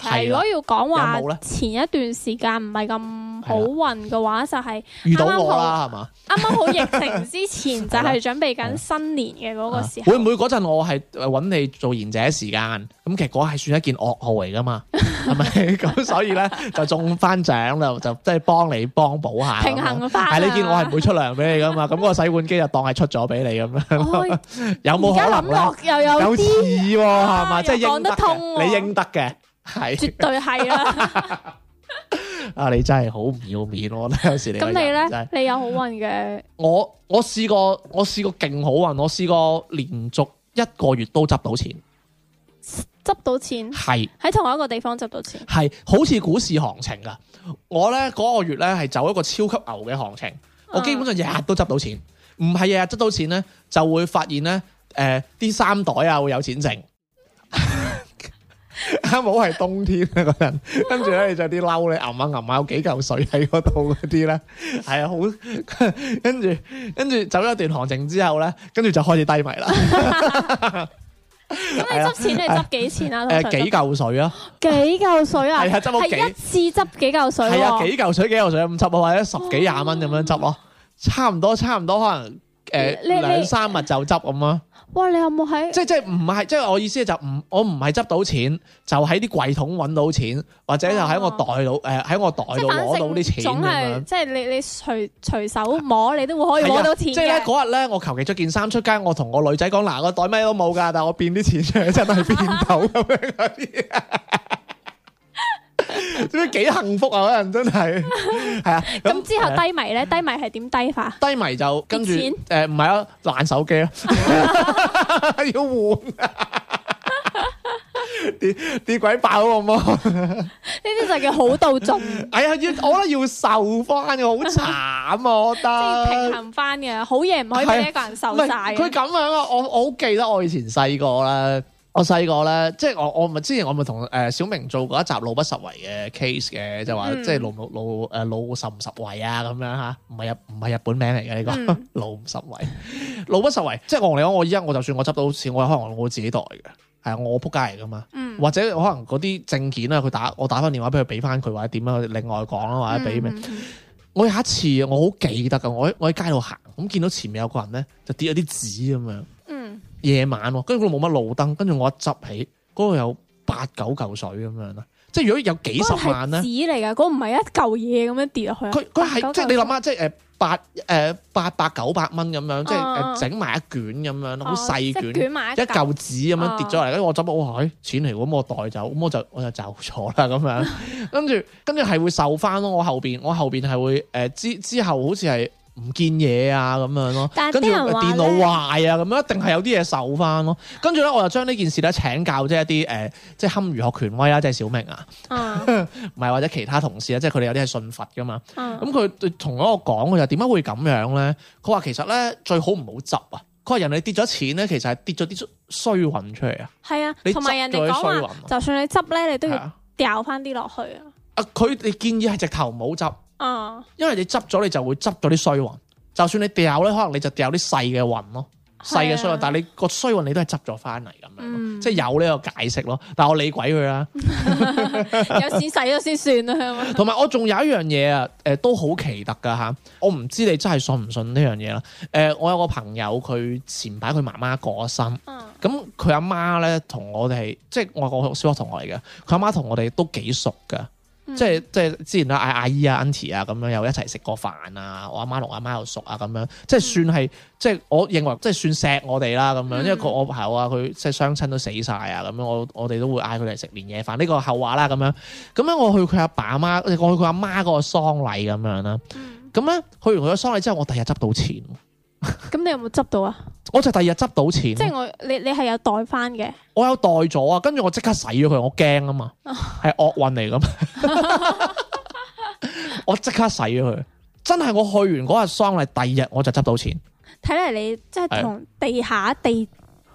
B: 誒，如果要講話前一段時間唔係咁好運嘅話，的就係
A: 遇到我啦，係嘛？啱啱好疫情
B: 之前就係準備緊新年嘅嗰個時候，會
A: 唔會嗰陣我係揾你做賢者時間？咁其實嗰係算一件噩耗嚟噶嘛？係咪？咁 (laughs) 所以咧就中翻獎啦，就即係幫你幫補下，平衡翻。但係你見我係唔會出糧俾你噶嘛？咁、個洗碗機就當係出咗俾你咁樣， (laughs) 有冇諗落又有似係嘛？即係、啊啊、講得通。你應得嘅。
B: 係
A: 是絕對係啦！啊，你真係好唔要面我咧，有時你咁你咧，你有好運嘅。
B: 我
A: 我試過，我試過勁好運。我試過連續一個月都執到錢，
B: 執到錢係喺是同一個地方執到錢，
A: 係好似股市行情㗎。我咧嗰、那個月咧係走一個超級牛嘅行情，我基本上日日都執到錢，唔係日日執到錢咧，就會發現咧，誒、呃，啲衫袋啊會有錢剩。啱好係冬天 (laughs) 呢吶啊，吶啊，個人跟住咧就啲嬲你揞下揞下有幾嚿水喺嗰度嗰啲咧，係啊好跟住跟住走一段行程之後咧，跟住就開始低迷啦。
B: 咁你執錢你執幾錢啊？誒、 (laughs) 嗯呃，幾嚿水啊？ (laughs) 幾嚿水啊？係 (laughs) 水啊，執好幾，一次執幾嚿水，啊？係 (laughs) 啊，幾嚿
A: 水幾嚿水咁執啊，或者十幾廿蚊咁樣執咯，啊，差唔多差唔多可能誒兩、呃、三日就執咁咯。
B: 哇！你有冇喺？
A: 即係即係唔係？即係我意思就唔，我唔係執到錢，就喺啲櫃桶搵到錢，或者就喺我袋度誒，喺、啊呃、我袋度攞到啲錢咁樣。
B: 即係你你隨隨手摸你都會可以攞到錢、啊、即係咧嗰
A: 日咧，我求其着件衫出街，我同我女仔講嗱，我袋咩都冇噶，但係我變啲錢出真係變到咁樣啲。 (laughs) (laughs) 都幾幸福啊！可能真係係啊，
B: 咁、嗯、之後低迷咧，低迷係點低法？低
A: 迷就跟住？誒唔係啊，爛、呃、手機啊， (laughs) (laughs) 要換換啊，啲 (laughs) 跌鬼爆啊！冇呢啲就叫好到盡。 (laughs) 哎呀，要我咧要受翻嘅，好慘啊！我覺得，我、啊、我得 (laughs) 平衡
B: 翻嘅好嘢，唔可以俾一個人受晒。佢咁樣
A: 啊，樣我我，我好記得我以前細個啦。我細個咧，即係我我咪之前我咪同誒小明做過一集老不實圍嘅 case 嘅，就話即係老老老誒老實唔實圍啊咁樣吓，唔係日唔係日本名嚟嘅呢個老實圍， (laughs) 老不實圍。即係 (laughs) (laughs) 我同你講，我依家我就算我執到錢，我可能我自己袋嘅，係啊，我撲街嚟噶嘛。或者可能嗰啲證件咧，佢打我打翻電話俾佢俾翻佢，或者點樣，另外講啦，或者俾咩？ (laughs) 我有一次我好記得噶，我我喺街度行，咁見到前面有個人咧就跌咗啲紙咁樣。夜晚跟住嗰度冇乜路燈，跟住我一執起嗰度有八九嚿水咁樣啦，即係如果有幾十萬咧紙
B: 嚟㗎，嗰唔係一嚿嘢咁樣跌落去。佢佢係即係你諗
A: 下，即係誒八誒、呃、八百九百蚊咁樣，即係整埋一卷咁樣，好、哦、細卷一嚿紙咁樣跌咗嚟，跟住、哦、我執，哎、我話誒錢嚟咁，我袋走，咁我就我就走咗啦咁樣。跟住跟住係會收翻咯，我後邊我後邊係會誒之、呃、之後好似係。 (laughs) 唔見嘢啊咁樣咯，但係電腦壞啊咁樣，一定係有啲嘢受翻咯。跟住咧，我又將呢件事咧請教即係一啲誒，即係堪輿學權威啦，即係小明啊，唔係或者其他同事啊，即係佢哋有啲係信佛噶嘛。咁佢同咗我講，佢就點解會咁樣咧？佢話其實咧最好唔好執啊。佢話人哋跌咗錢咧，其實係跌咗啲衰運出嚟啊。
B: 係啊，同埋人哋講啊，就算你執咧，你都要掉翻啲落去
A: 啊。啊，佢哋建議係直頭唔好執。啊！因為你執咗，你就會執咗啲衰運。就算你掉咧，可能你就掉啲細嘅運咯，
C: 細嘅衰運。但係
A: 你個衰運你都係執咗翻嚟咁
C: 樣，嗯、
B: 即係
A: 有呢個解釋咯。但係我理鬼佢啦， (laughs) (laughs) 有錢
B: 使咗先算啦。
A: 同埋我仲有一樣嘢啊，誒、呃、都好奇特噶吓。我唔知你真係信唔信呢樣嘢啦。誒、呃，我有個朋友，佢前排佢媽媽過咗身，咁佢阿媽咧同我哋，即係我個小學同學嚟嘅，佢阿媽同我哋都幾熟噶。嗯、即係即係之前啦，嗌阿姨啊、uncle 啊咁樣又一齊食過飯啊，我阿媽同阿媽又熟啊咁樣，即係算係即係我認為即係算錫我哋啦咁樣，嗯、因為我我係我話佢即係雙親都死晒啊咁樣，我我哋都會嗌佢嚟食年夜飯，呢、呢個後話啦咁樣。咁樣我去佢阿爸阿媽，我去佢阿媽嗰個喪禮咁樣啦。咁咧去完佢個喪禮之後，我第日執到錢。
B: 咁你有冇執到啊？我， (laughs) (laughs) 我，
A: 我，我就第二日執到錢，即係
B: 的我你你係有袋翻嘅，
A: 我有袋咗啊！跟住我即刻使咗佢，我驚啊嘛，係惡運嚟咁，我即刻使咗佢。真係我去完嗰日喪禮，第二日我就執到錢。
B: 睇嚟，你即係同地下地，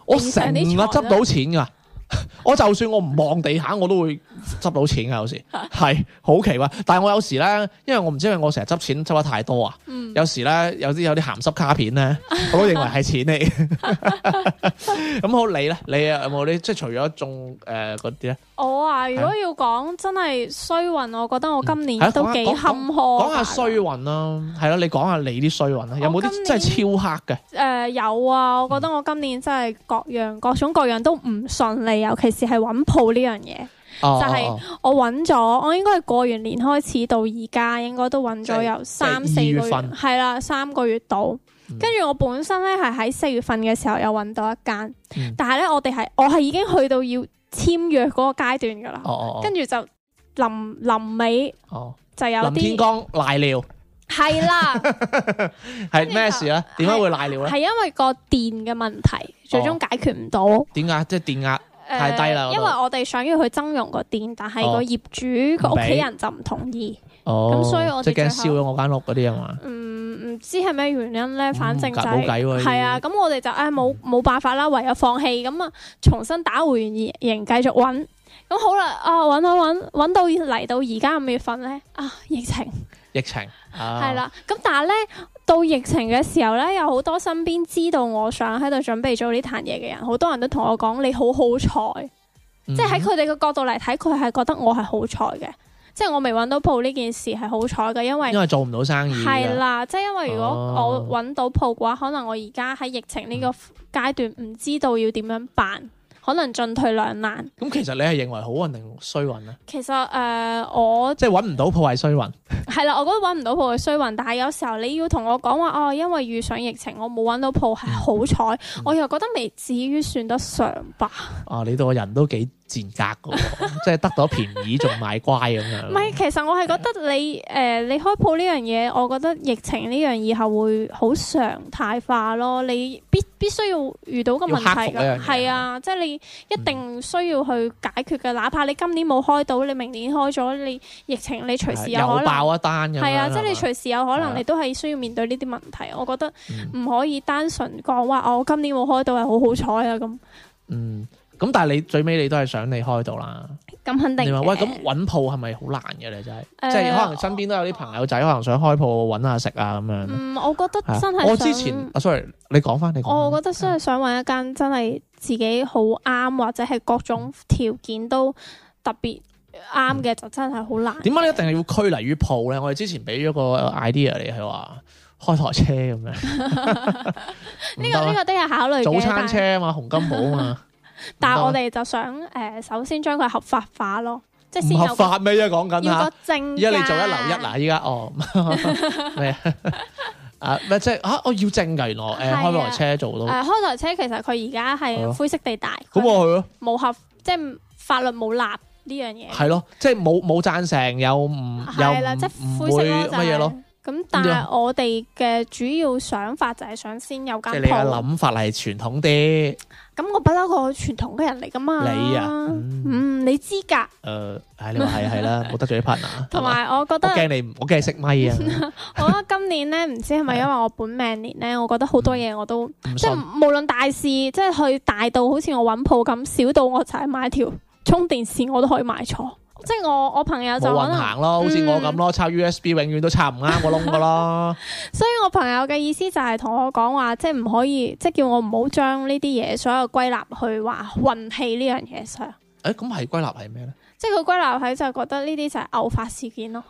B: 我成日執到
A: 錢噶。 (laughs) 我就算我唔望地下，我都會執到錢噶。有時係好奇怪，但係我有時咧，因為我唔知，因為我成日執錢執得太多啊、嗯。有時咧，有啲有啲鹹濕卡片咧，我都認為係錢嚟。咁 (laughs) (laughs) (laughs) 好你咧，你有冇啲即係除咗中誒嗰啲？呃
B: 我啊，如果要講真係衰運，我覺得我今年都幾坎坷。講、嗯、下
A: 衰運啦，係咯、啊嗯，你講下你啲衰運啦。有冇啲真係超黑嘅。誒、
B: 呃，有啊，我覺得我今年真係各樣各種各樣都唔順利，尤其是係揾鋪呢樣嘢。哦哦哦就係我揾咗，我應該係過完年開始到而家，應該都揾咗有三四個月，係啦，三個月度。跟住、嗯、我本身咧係喺四月份嘅時候有揾到一間，嗯、但係咧我哋係我係已經去到要。簽約嗰個階段噶啦，跟住就臨臨尾就有啲臨天光瀨尿，係啦，
A: 係咩事咧？點解會瀨尿咧？係
B: 因為個電嘅問題，最終解決唔到。
A: 點解即係電壓太低啦？因為我
B: 哋想要去增容個電，但係個業主個屋企人就唔同意，咁所以我即係驚
A: 燒咗我間屋嗰啲啊嘛。
B: 唔知係咩原因咧，反正就係、嗯、啊，咁、啊、我哋就誒冇冇辦法啦，唯有放棄咁啊，重新打回原形，繼續揾。咁好啦，啊揾揾揾揾到嚟到而家五月份咧啊，疫情
A: 疫情係啦。
B: 咁、哦、但係咧到疫情嘅時候咧，有好多身邊知道我想喺度準備做呢壇嘢嘅人，好多人都同我講，你好好彩，嗯、哼即係喺佢哋嘅角度嚟睇，佢係覺得我係好彩嘅。即係我未揾到鋪呢件事係好彩嘅，因為因為做
A: 唔到生意係啦。
B: 即係因為如果我揾到鋪嘅話，可能我而家喺疫情呢個階段唔知道要點樣辦，可能進退兩難。咁
A: 其實你係認為好運定衰運咧？
B: 其實誒，我即係
A: 揾唔到鋪係衰運。
B: 係啦，我覺得揾唔到鋪係衰運。但係有時候你要同我講話哦，因為遇上疫情，我冇揾到鋪係好彩。我又覺得未至於算得上吧。
A: 啊，你對我人都幾？賤格嘅， (laughs) 即係得到便宜仲賣乖咁樣。
B: 唔係，其實我係覺得你誒、呃，你開鋪呢樣嘢，我覺得疫情呢樣以後會好常態化咯。你必必須要遇到個問題嘅，係啊，即係你一定需要去解決嘅。嗯、哪怕你今年冇開到，你明年開咗，你疫情你隨時有可能爆一單。係啊，即係你隨時有可能你都係需要面對呢啲問題。我覺得唔可以單純講話我今年冇開到係好好彩啊咁。
C: 嗯，
A: 咁但係你最尾你都係想你開到啦，
B: 咁肯定。你話喂，咁
A: 搵鋪係咪好難嘅咧？真係、
B: 呃，即係可能身邊都有啲朋友
A: 仔、呃，可能想開鋪搵下食啊咁樣。
B: 嗯，我覺得真係、啊。我之前、
A: 啊、，sorry，你講翻你。我
B: 我覺得真係想搵一間真係自己好啱，嗯、或者係各種條件都特別啱嘅，就真係好難。點解、嗯、你一
A: 定係要拘泥於鋪咧？我哋之前俾咗個 idea、嗯、你係話。開台車咁樣，
B: 呢個呢個都有考慮。早餐車
A: 啊嘛，紅金寶啊嘛。
B: (laughs) 但係我哋就想，誒、呃，首先將佢合法化咯，即係先合法咩
A: 啫？講緊吓，而家你做一留一嗱，依家哦咩啊咩即係啊，我、啊啊、要正噶，原來誒 (laughs) 開台車做都誒、啊、
B: 開台車，其實佢而家係灰色地帶。咁咪去咯，冇合即係法律冇立呢樣嘢。係
A: 咯，即係冇冇贊成有，唔
B: 又唔會乜嘢咯。 (laughs) 咁但係我哋嘅主要想法就係想先有間鋪即係你嘅諗
A: 法係傳統啲。
B: 咁我不嬲，個傳統嘅人嚟噶嘛。你啊，嗯，嗯，你知噶、
A: 呃。誒，係 (laughs) 你話係係啦，冇得罪 partner。
B: 同埋我覺得，驚你，
A: 我驚係食咪啊。 (laughs) 我覺
B: 得今年咧，唔知係咪因為我本命年咧， (laughs) 我覺得好多嘢我都即係無論大事，即係去大到好似我揾鋪咁，小到我就係買條充電線，我都可以買錯。即係我我朋友就冇運行咯，好似我
A: 咁咯，插 U S、嗯、B 永遠都插唔啱個窿噶咯。
B: (laughs) 所以我朋友嘅意思就係同我講話，即係唔可以，即係叫我唔好將呢啲嘢所有歸納去話運氣呢樣嘢上。
A: 誒，咁係歸納係咩咧？
B: 即係佢歸納喺就係覺得呢啲就係偶發事件咯。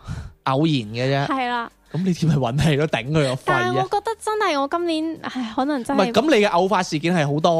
A: 偶然嘅啫，係啦的。咁你點係運氣都頂佢個肺。我覺
B: 得真係，我今年唉，可能真係。咁，你
A: 嘅偶發事件係好多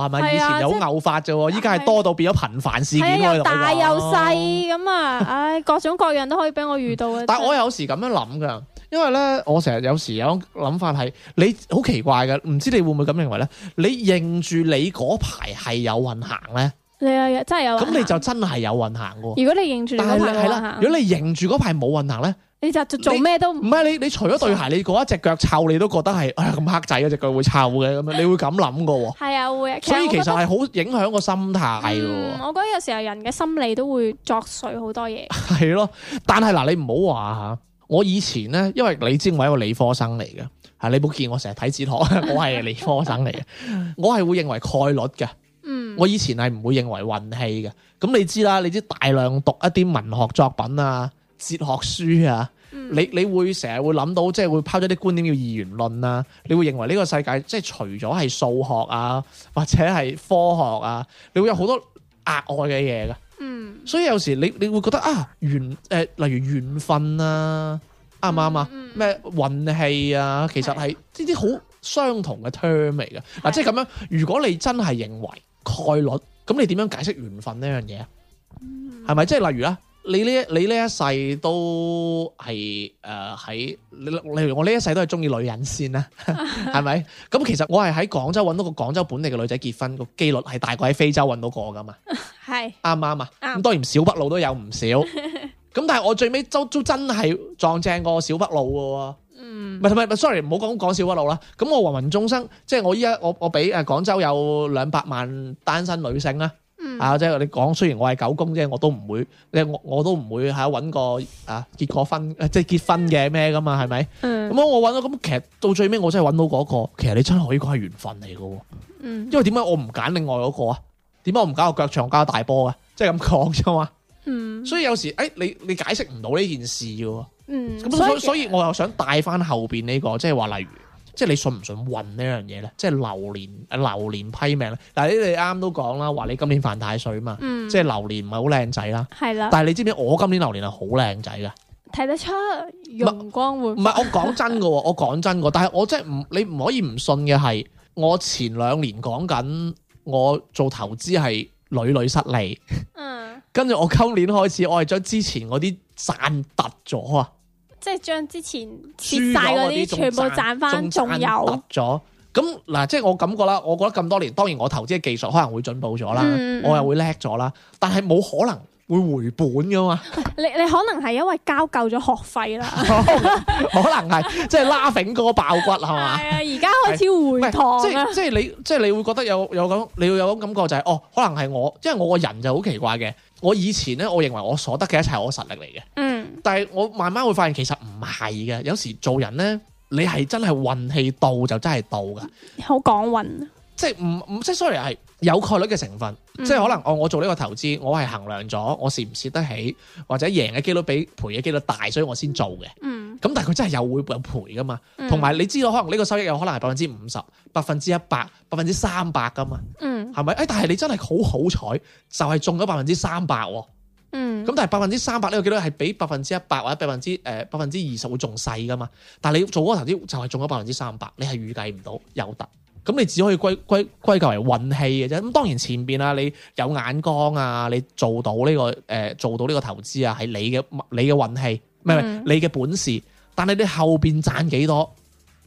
A: 喎，係咪？的以前有好偶發啫，依家係多到變咗頻繁事件嚟。大又細
B: 咁啊！唉，各種各樣都可以俾我遇到啊。 (laughs) 但係我有
A: 時咁樣諗噶，因為咧，我成日有時有諗法係，你好奇怪嘅，唔知你會唔會咁認為咧？你認住你嗰排係有運行咧？
B: 你啊，真係有。咁你
A: 就真係有運行喎。如果
B: 你認住，係啦是。如
A: 果你認住嗰排冇運行咧，
B: 你就做咩都唔係你,你,你。你除咗對鞋，
A: 你嗰一隻腳臭，你都覺得係唉咁黑仔嘅隻腳會臭嘅咁樣， (laughs) 你會咁諗嘅
B: 喎。係啊，會。所以其實係
A: 好影響個心態、嗯、我覺得有時候人
B: 嘅心理都會作祟好多
A: 嘢。係咯，但係嗱，你唔好話吓。我以前咧，因為你知我係個理科生嚟嘅，係你冇見我成日睇哲學，我係理科生嚟嘅， (laughs) 我係會認為概率嘅。嗯，我以前係唔會認為運氣嘅，咁、嗯嗯、你知啦，你知大量讀一啲文學作品啊、哲學書啊，你你會成日會諗到，即、就、係、是、會拋咗啲觀點叫二元論啊，你會認為呢個世界即係除咗係數學啊，或者係科學啊，你會有好多額外嘅嘢㗎。嗯，所以有時你你會覺得啊緣誒、呃，例如緣分啊，啱唔啱啊？咩運氣啊，其實係呢啲好相同嘅 term 嚟嘅嗱，即係咁樣，如果你真係認為。概率咁，你點樣解釋緣分呢樣嘢啊？係咪、嗯、即係例如啦，你呢你呢一世都係誒喺例如我呢一世都係中意女人先啦、啊，係咪？ (laughs) 咁其實我係喺廣州揾到個廣州本地嘅女仔結婚，個機率係大過喺非洲揾到個㗎嘛？係啱唔啱啊？咁、嗯、當然小北路都有唔少咁， (laughs) 但係我最尾都都，都真係撞正過小北路喎、啊。唔咪同埋，sorry，唔好講講笑屈路啦。咁、嗯、我芸芸眾生，即係我依家，我我俾誒廣州有兩百萬單身女性啦、嗯啊。啊，即係你講，雖然我係狗公啫，我都唔會，你我我都唔會吓搵個啊結過婚，即係結婚嘅咩噶嘛，係咪？嗯，咁我搵到咁，其實到最尾我真係搵到嗰、那個，其實你真係可以講係緣分嚟噶。
C: 嗯，因為點
A: 解我唔揀另外嗰個啊？點解我唔揀個腳長加大波嘅？即係咁講啫嘛。嗯、所以有時誒、哎，你你解釋唔到呢件事
C: 嘅，咁、嗯、所以所以所以我
A: 又想帶翻後邊呢、這個，即係話例如，即、就、係、是、你信唔信運呢樣嘢咧？即係流年誒，流、啊、流年批命咧。但係你哋啱都講啦，話你今年犯太歲嘛，即係流年唔係好靚仔啦。係啦的，但係你知唔知我今年流年係好靚仔嘅？
B: 睇得出容光煥發唔係？我講
A: 真嘅，我講真嘅， (laughs) 但係我真係唔你唔可以唔信嘅係，我前兩年講緊我做投資係屢屢失利。嗯。跟住我，今年開始我係將之前嗰啲賺凸咗啊！
B: 即係將之前切晒嗰啲全部賺翻，仲有凸
A: 咗。咁嗱，即係我感覺啦，我覺得咁多年，當然我投資嘅技術可能會進步咗啦，嗯、我又會叻咗啦，嗯、但係冇可能。會回本噶嘛？
B: 你你可能係因為交夠咗學費啦，
A: (laughs) (laughs) 可能係即係拉炳哥爆骨係嘛？
B: 係 (laughs) 啊，而家
C: 開始回堂啊，即係
A: 即係你，即係你會覺得有，有咁你會有種感覺就係、是、哦，可能係我，即係我個人就好奇怪嘅，我以前咧，我認為我所得嘅一切係我實力嚟嘅。嗯。但係我慢慢會發現其實唔係嘅，有時做人咧，你係真係運氣到就真係到噶、嗯。好講運。即係唔唔即係 sorry 係有概率嘅成分，嗯、即係可能我、哦、我做呢個投資，我係衡量咗我蝕唔蝕得起，或者贏嘅幾率比賠嘅幾率大，所以我先做嘅。咁、嗯、但係佢真係又會有賠噶嘛？同埋、嗯、你知道可能呢個收益有可能係百分之五十、百分之一百、百分之三百噶嘛？
C: 係咪、嗯？誒、哎，但係你
A: 真係好好彩，就係、是、中咗百分之三百。
C: 咁、啊嗯、但係
A: 百分之三百呢個幾率係比百分之一百或者百分之誒百分之二十會仲細噶嘛？但係你做嗰個投資就係中咗百分之三百，你係預計唔到有得。咁你、嗯、只可以歸歸歸咎為運氣嘅啫。咁當然前邊啊，你有眼光啊，你做到呢、呢個誒、呃、做到呢個投資啊，係你嘅你嘅運氣，唔係唔係你嘅本事。但係你後邊賺幾多、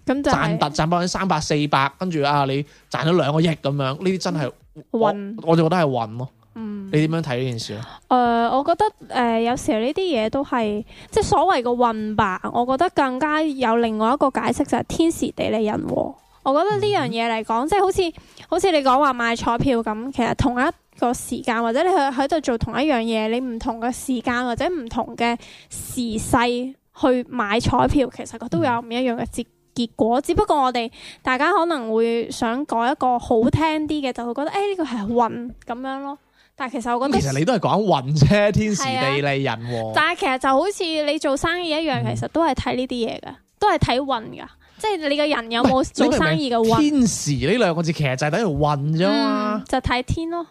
A: 嗯賺，賺賺百分三百四百，跟住啊你賺咗兩個億咁樣，呢啲真係、嗯、運，我就覺得係運咯。你點樣睇呢件事咧？
B: 誒，我覺得誒、啊嗯呃、有時候呢啲嘢都係即係所謂嘅運吧。我覺得更加有另外一個解釋就係、是、天時地利人和。我覺得呢樣嘢嚟講，即係好似好似你講話買彩票咁，其實同一個時間或者你去喺度做同一樣嘢，你唔同嘅時間或者唔同嘅時勢去買彩票，其實佢都有唔一樣嘅結結果。只不過我哋大家可能會想講一個好聽啲嘅，就會覺得誒呢、哎呢個係運咁樣咯。但係其實我覺得，其實你都係
A: 講運啫，天時地利人和。啊、但係
B: 其實就好似你做生意一樣，嗯、其實都係睇呢啲嘢噶，都係睇運噶。即係你個人有冇做生意嘅運？明明天
A: 時呢兩個字其實就係等於運啫嘛，就睇天
B: 咯。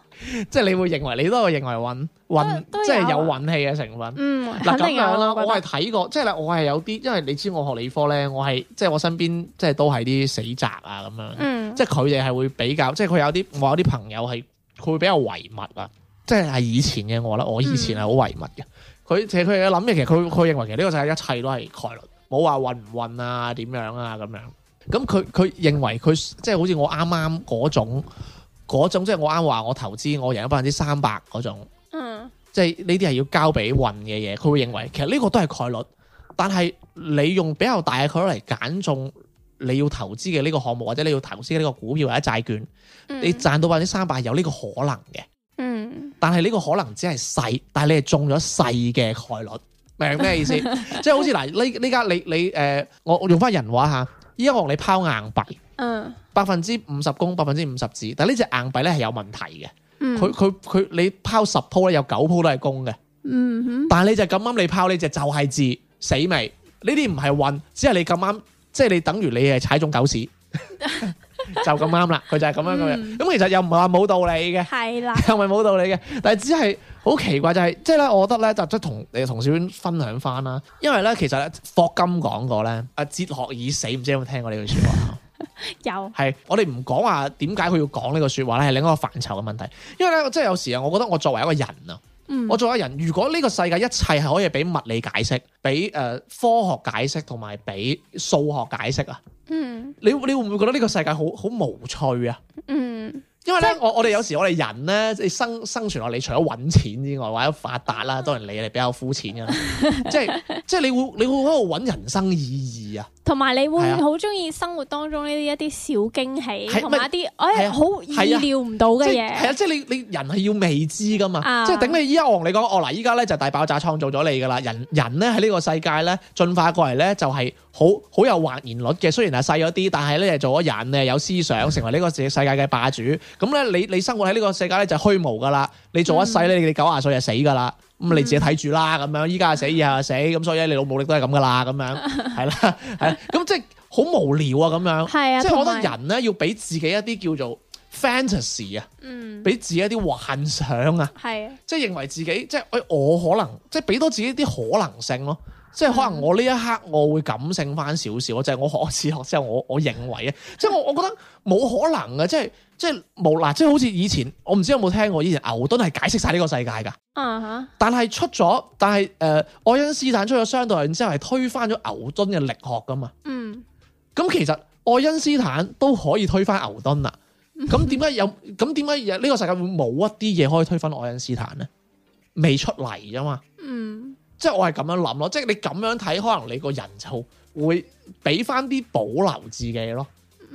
B: 即
A: 係你會認為，你都係認為運運，運啊，即係有運氣嘅成分。嗯，
C: 肯定有，嗱，咁樣啦，我
A: 係睇過，即係我係有啲，因為你知我學理科咧，我係即係我身邊即係都係啲死宅啊咁樣。嗯，即係佢哋係會比較，即係佢有啲我有啲朋友係佢會比較唯物啊，即係係以前嘅我啦，我以前係好唯物嘅。佢其實佢哋諗嘅，其實佢佢認為其實呢個就係一切都係概率。冇話運唔運啊，點樣啊咁樣？咁佢佢認為佢即係好似我啱啱嗰種嗰種，即係、就是、我啱話我投資我贏咗百分之三百嗰種，嗯，即係呢啲係要交俾運嘅嘢。佢會認為其實呢個都係概率，但係你用比較大嘅概率嚟揀中你要投資嘅呢個項目或者你要投資呢個股票或者債券，
C: 你賺
A: 到百分之三百有呢個可能嘅，嗯，但係呢個可能只係細，但係你係中咗細嘅概率。明咩意思？即係好似嗱，呢呢家你你誒、呃，我我用翻人話吓，依家我同你拋硬幣，嗯，百分之五十公，百分之五十字，但呢隻硬幣咧係有問題嘅，
C: 嗯，佢佢
A: 佢，你拋十鋪咧有九鋪都係公嘅，嗯
C: 哼，但
A: 係你就咁啱你拋呢隻就係字死咪，呢啲唔係運，只係你咁啱、就是，即係你等於你係踩中狗屎，就咁啱啦，佢、嗯、就係咁樣咁樣，咁、嗯、其實又唔係話冇道
B: 理嘅，
A: 係啦，又咪冇道理嘅，但係只係。好奇怪就係、是，即係咧，我覺得咧，就即你同你嘅同事分享翻啦。因為咧，其實霍金講過咧，阿哲學已死，唔知有冇聽過呢句說話？
B: (laughs) 有
A: 係我哋唔講話點解佢要講呢個說話咧，係另一個範疇嘅問題。因為咧，即係有時啊，我覺得我作為一個人啊，嗯，我作為人，如果呢個世界一切係可以俾物理解釋、俾誒、呃、科學解釋同埋俾數學解釋啊，嗯，你你會唔會覺得呢個世界好好無趣啊？嗯。
C: 因為咧即，我我哋有
A: 時我哋人咧，即係生生存落嚟，除咗搵錢之外，或者發達啦，當然你係比較膚淺噶啦，即係即係你會你會喺度搵人生意義啊，
B: 同埋你會好中意生活當中呢啲一啲小驚喜，同埋是一啲我好意料唔到嘅嘢。係啊，即
A: 係、啊啊啊啊啊啊、你你人係要未知噶嘛，即係頂你依家我同你講，哦嗱，依家咧就大爆炸創造咗你噶啦，人人咧喺呢個世界咧進化過嚟，咧就係好好有幻言率嘅，雖然係細咗啲，但係咧係做咗人啊，有思想，成為呢個世界嘅霸主。咁咧，你你生活喺呢個世界咧就虛無噶啦，你做一世咧，嗯、你九廿歲就死噶啦，咁你自己睇住啦咁樣。依家又死，以後死，咁所以你老母力都係咁噶啦，咁樣係啦，係， (laughs) 咁即係好無聊啊，咁樣，即係我覺得人咧要俾自己一啲叫做 fantasy 啊，嗯，俾自己一啲幻想啊，係、嗯，即係認為自己即係、就是、我可能，即係俾多自己啲可能性咯，即係可能我呢一刻我會感性翻少少，即係、嗯、我學哲學之後，我我認為咧，即係我我覺得冇可能嘅，即係。即係冇嗱，即係好似以前，我唔知有冇聽過以前牛頓係解釋晒呢個世界噶。啊哈、uh huh！但係出咗，但係誒，愛因斯坦出咗相對論之後，係推翻咗牛頓嘅力學噶嘛。嗯。咁其實愛因斯坦都可以推翻牛頓啦。咁點解有？咁點解呢個世界會冇一啲嘢可以推翻愛因斯坦呢？未出嚟咋嘛。嗯、mm。即係我係咁樣諗咯。即係你咁樣睇，可能你個人就會俾翻啲保留自己咯。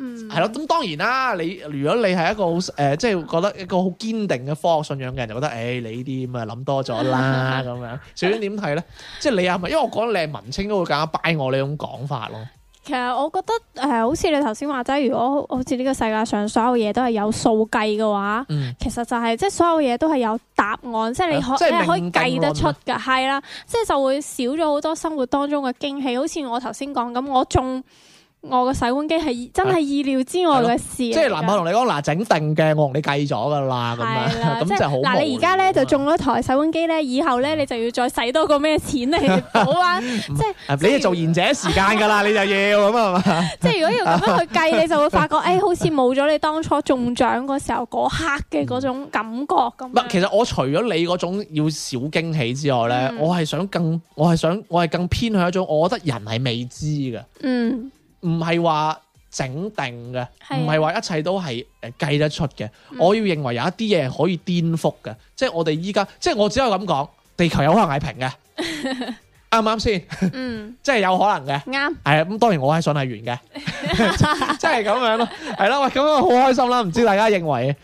A: 嗯，係咯，咁當然啦。你如果你係一個好誒，即、呃、係、就是、覺得一個好堅定嘅科學信仰嘅人，就覺得，誒、欸，你呢啲咁啊諗多咗啦咁、嗯、樣。小娟點睇咧？即係你啊，因為我講靚文青都會更加 buy 我呢種講法咯。
B: 其實我覺得誒、呃，好似你頭先話齋，如果好似呢個世界上所有嘢都係有數計嘅話，嗯、其實就係即係所有嘢都係有答案，嗯、即係是你可以可以計得出嘅，係啦，即、就、係、是、就會少咗好多生活當中嘅驚喜。好似我頭先講咁，我仲。我嘅洗碗機係真係意料之外嘅事。即係嗱，我
A: 同你講嗱，整定嘅我同你計咗噶啦，咁樣，咁真係好。嗱，你而
B: 家咧就中咗台洗碗機咧，以後咧你就要再使多個咩錢嚟
A: 補返？即係你係做賢者時間噶啦，你就要咁係嘛。
B: 即係如果要咁樣去計，你就會發覺，誒，好似冇咗你當初中獎嗰時候嗰刻嘅嗰種感覺咁。
A: 其實我除咗你嗰種要小驚喜之外咧，我係想更，我係想，我係更偏向一種，我覺得人係未知嘅。嗯。唔係話整定嘅，唔係話一切都係誒計得出嘅。我要認為有一啲嘢係可以顛覆嘅，即係我哋依家，即係我只可以咁講，地球有可能係平嘅。 (laughs) 啱唔啱先？嗯，即係有可能嘅。啱，嗯，係啊，咁當然我係信係完嘅，即係咁樣咯，係啦， (laughs) 啊。喂，咁樣好開心啦，唔知大家認為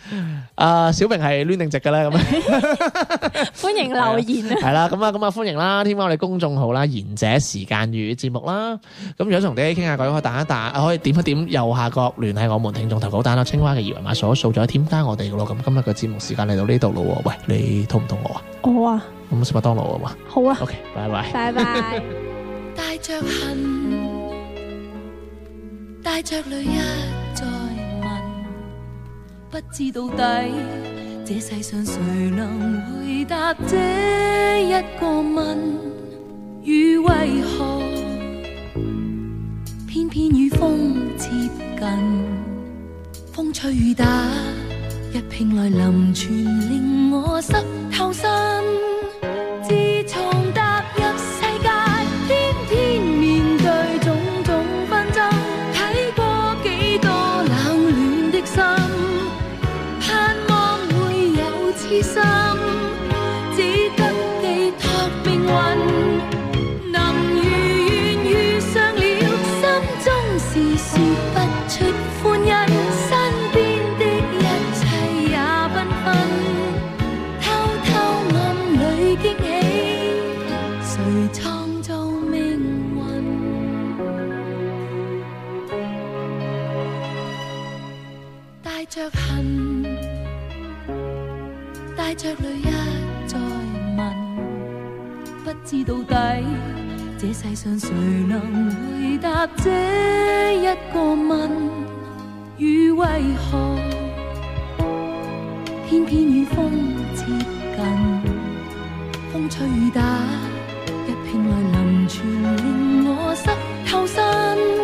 A: 啊小明係攣定直嘅咧？咁 (laughs) 歡
B: 迎留言啊！係
A: 啦，咁啊呵，咁啊，歡迎啦！添加我哋公眾號啦，賢者時間語節目啦。咁如果同啲傾下偈可以打一打，可以點一點右下角聯繫我們聽眾投稿單啦。青蛙嘅二維碼掃一掃，再添加我哋嘅咯。咁今日嘅節目時間嚟到呢度咯。喂，你肚唔肚餓啊？我啊。唔食麥當勞啊嘛，好啊，OK，拜拜，
C: 拜拜。帶著恨，帶著淚一再問，不知到底，這世上誰能回答這一個問，雨為何偏偏與風接近，風吹雨打，一拼來臨，全令我濕透身。著淚一再問，不知到底這世上誰能回答這一個問？雨為何偏偏與風接近？風吹雨打，一片來臨，全令我濕透身。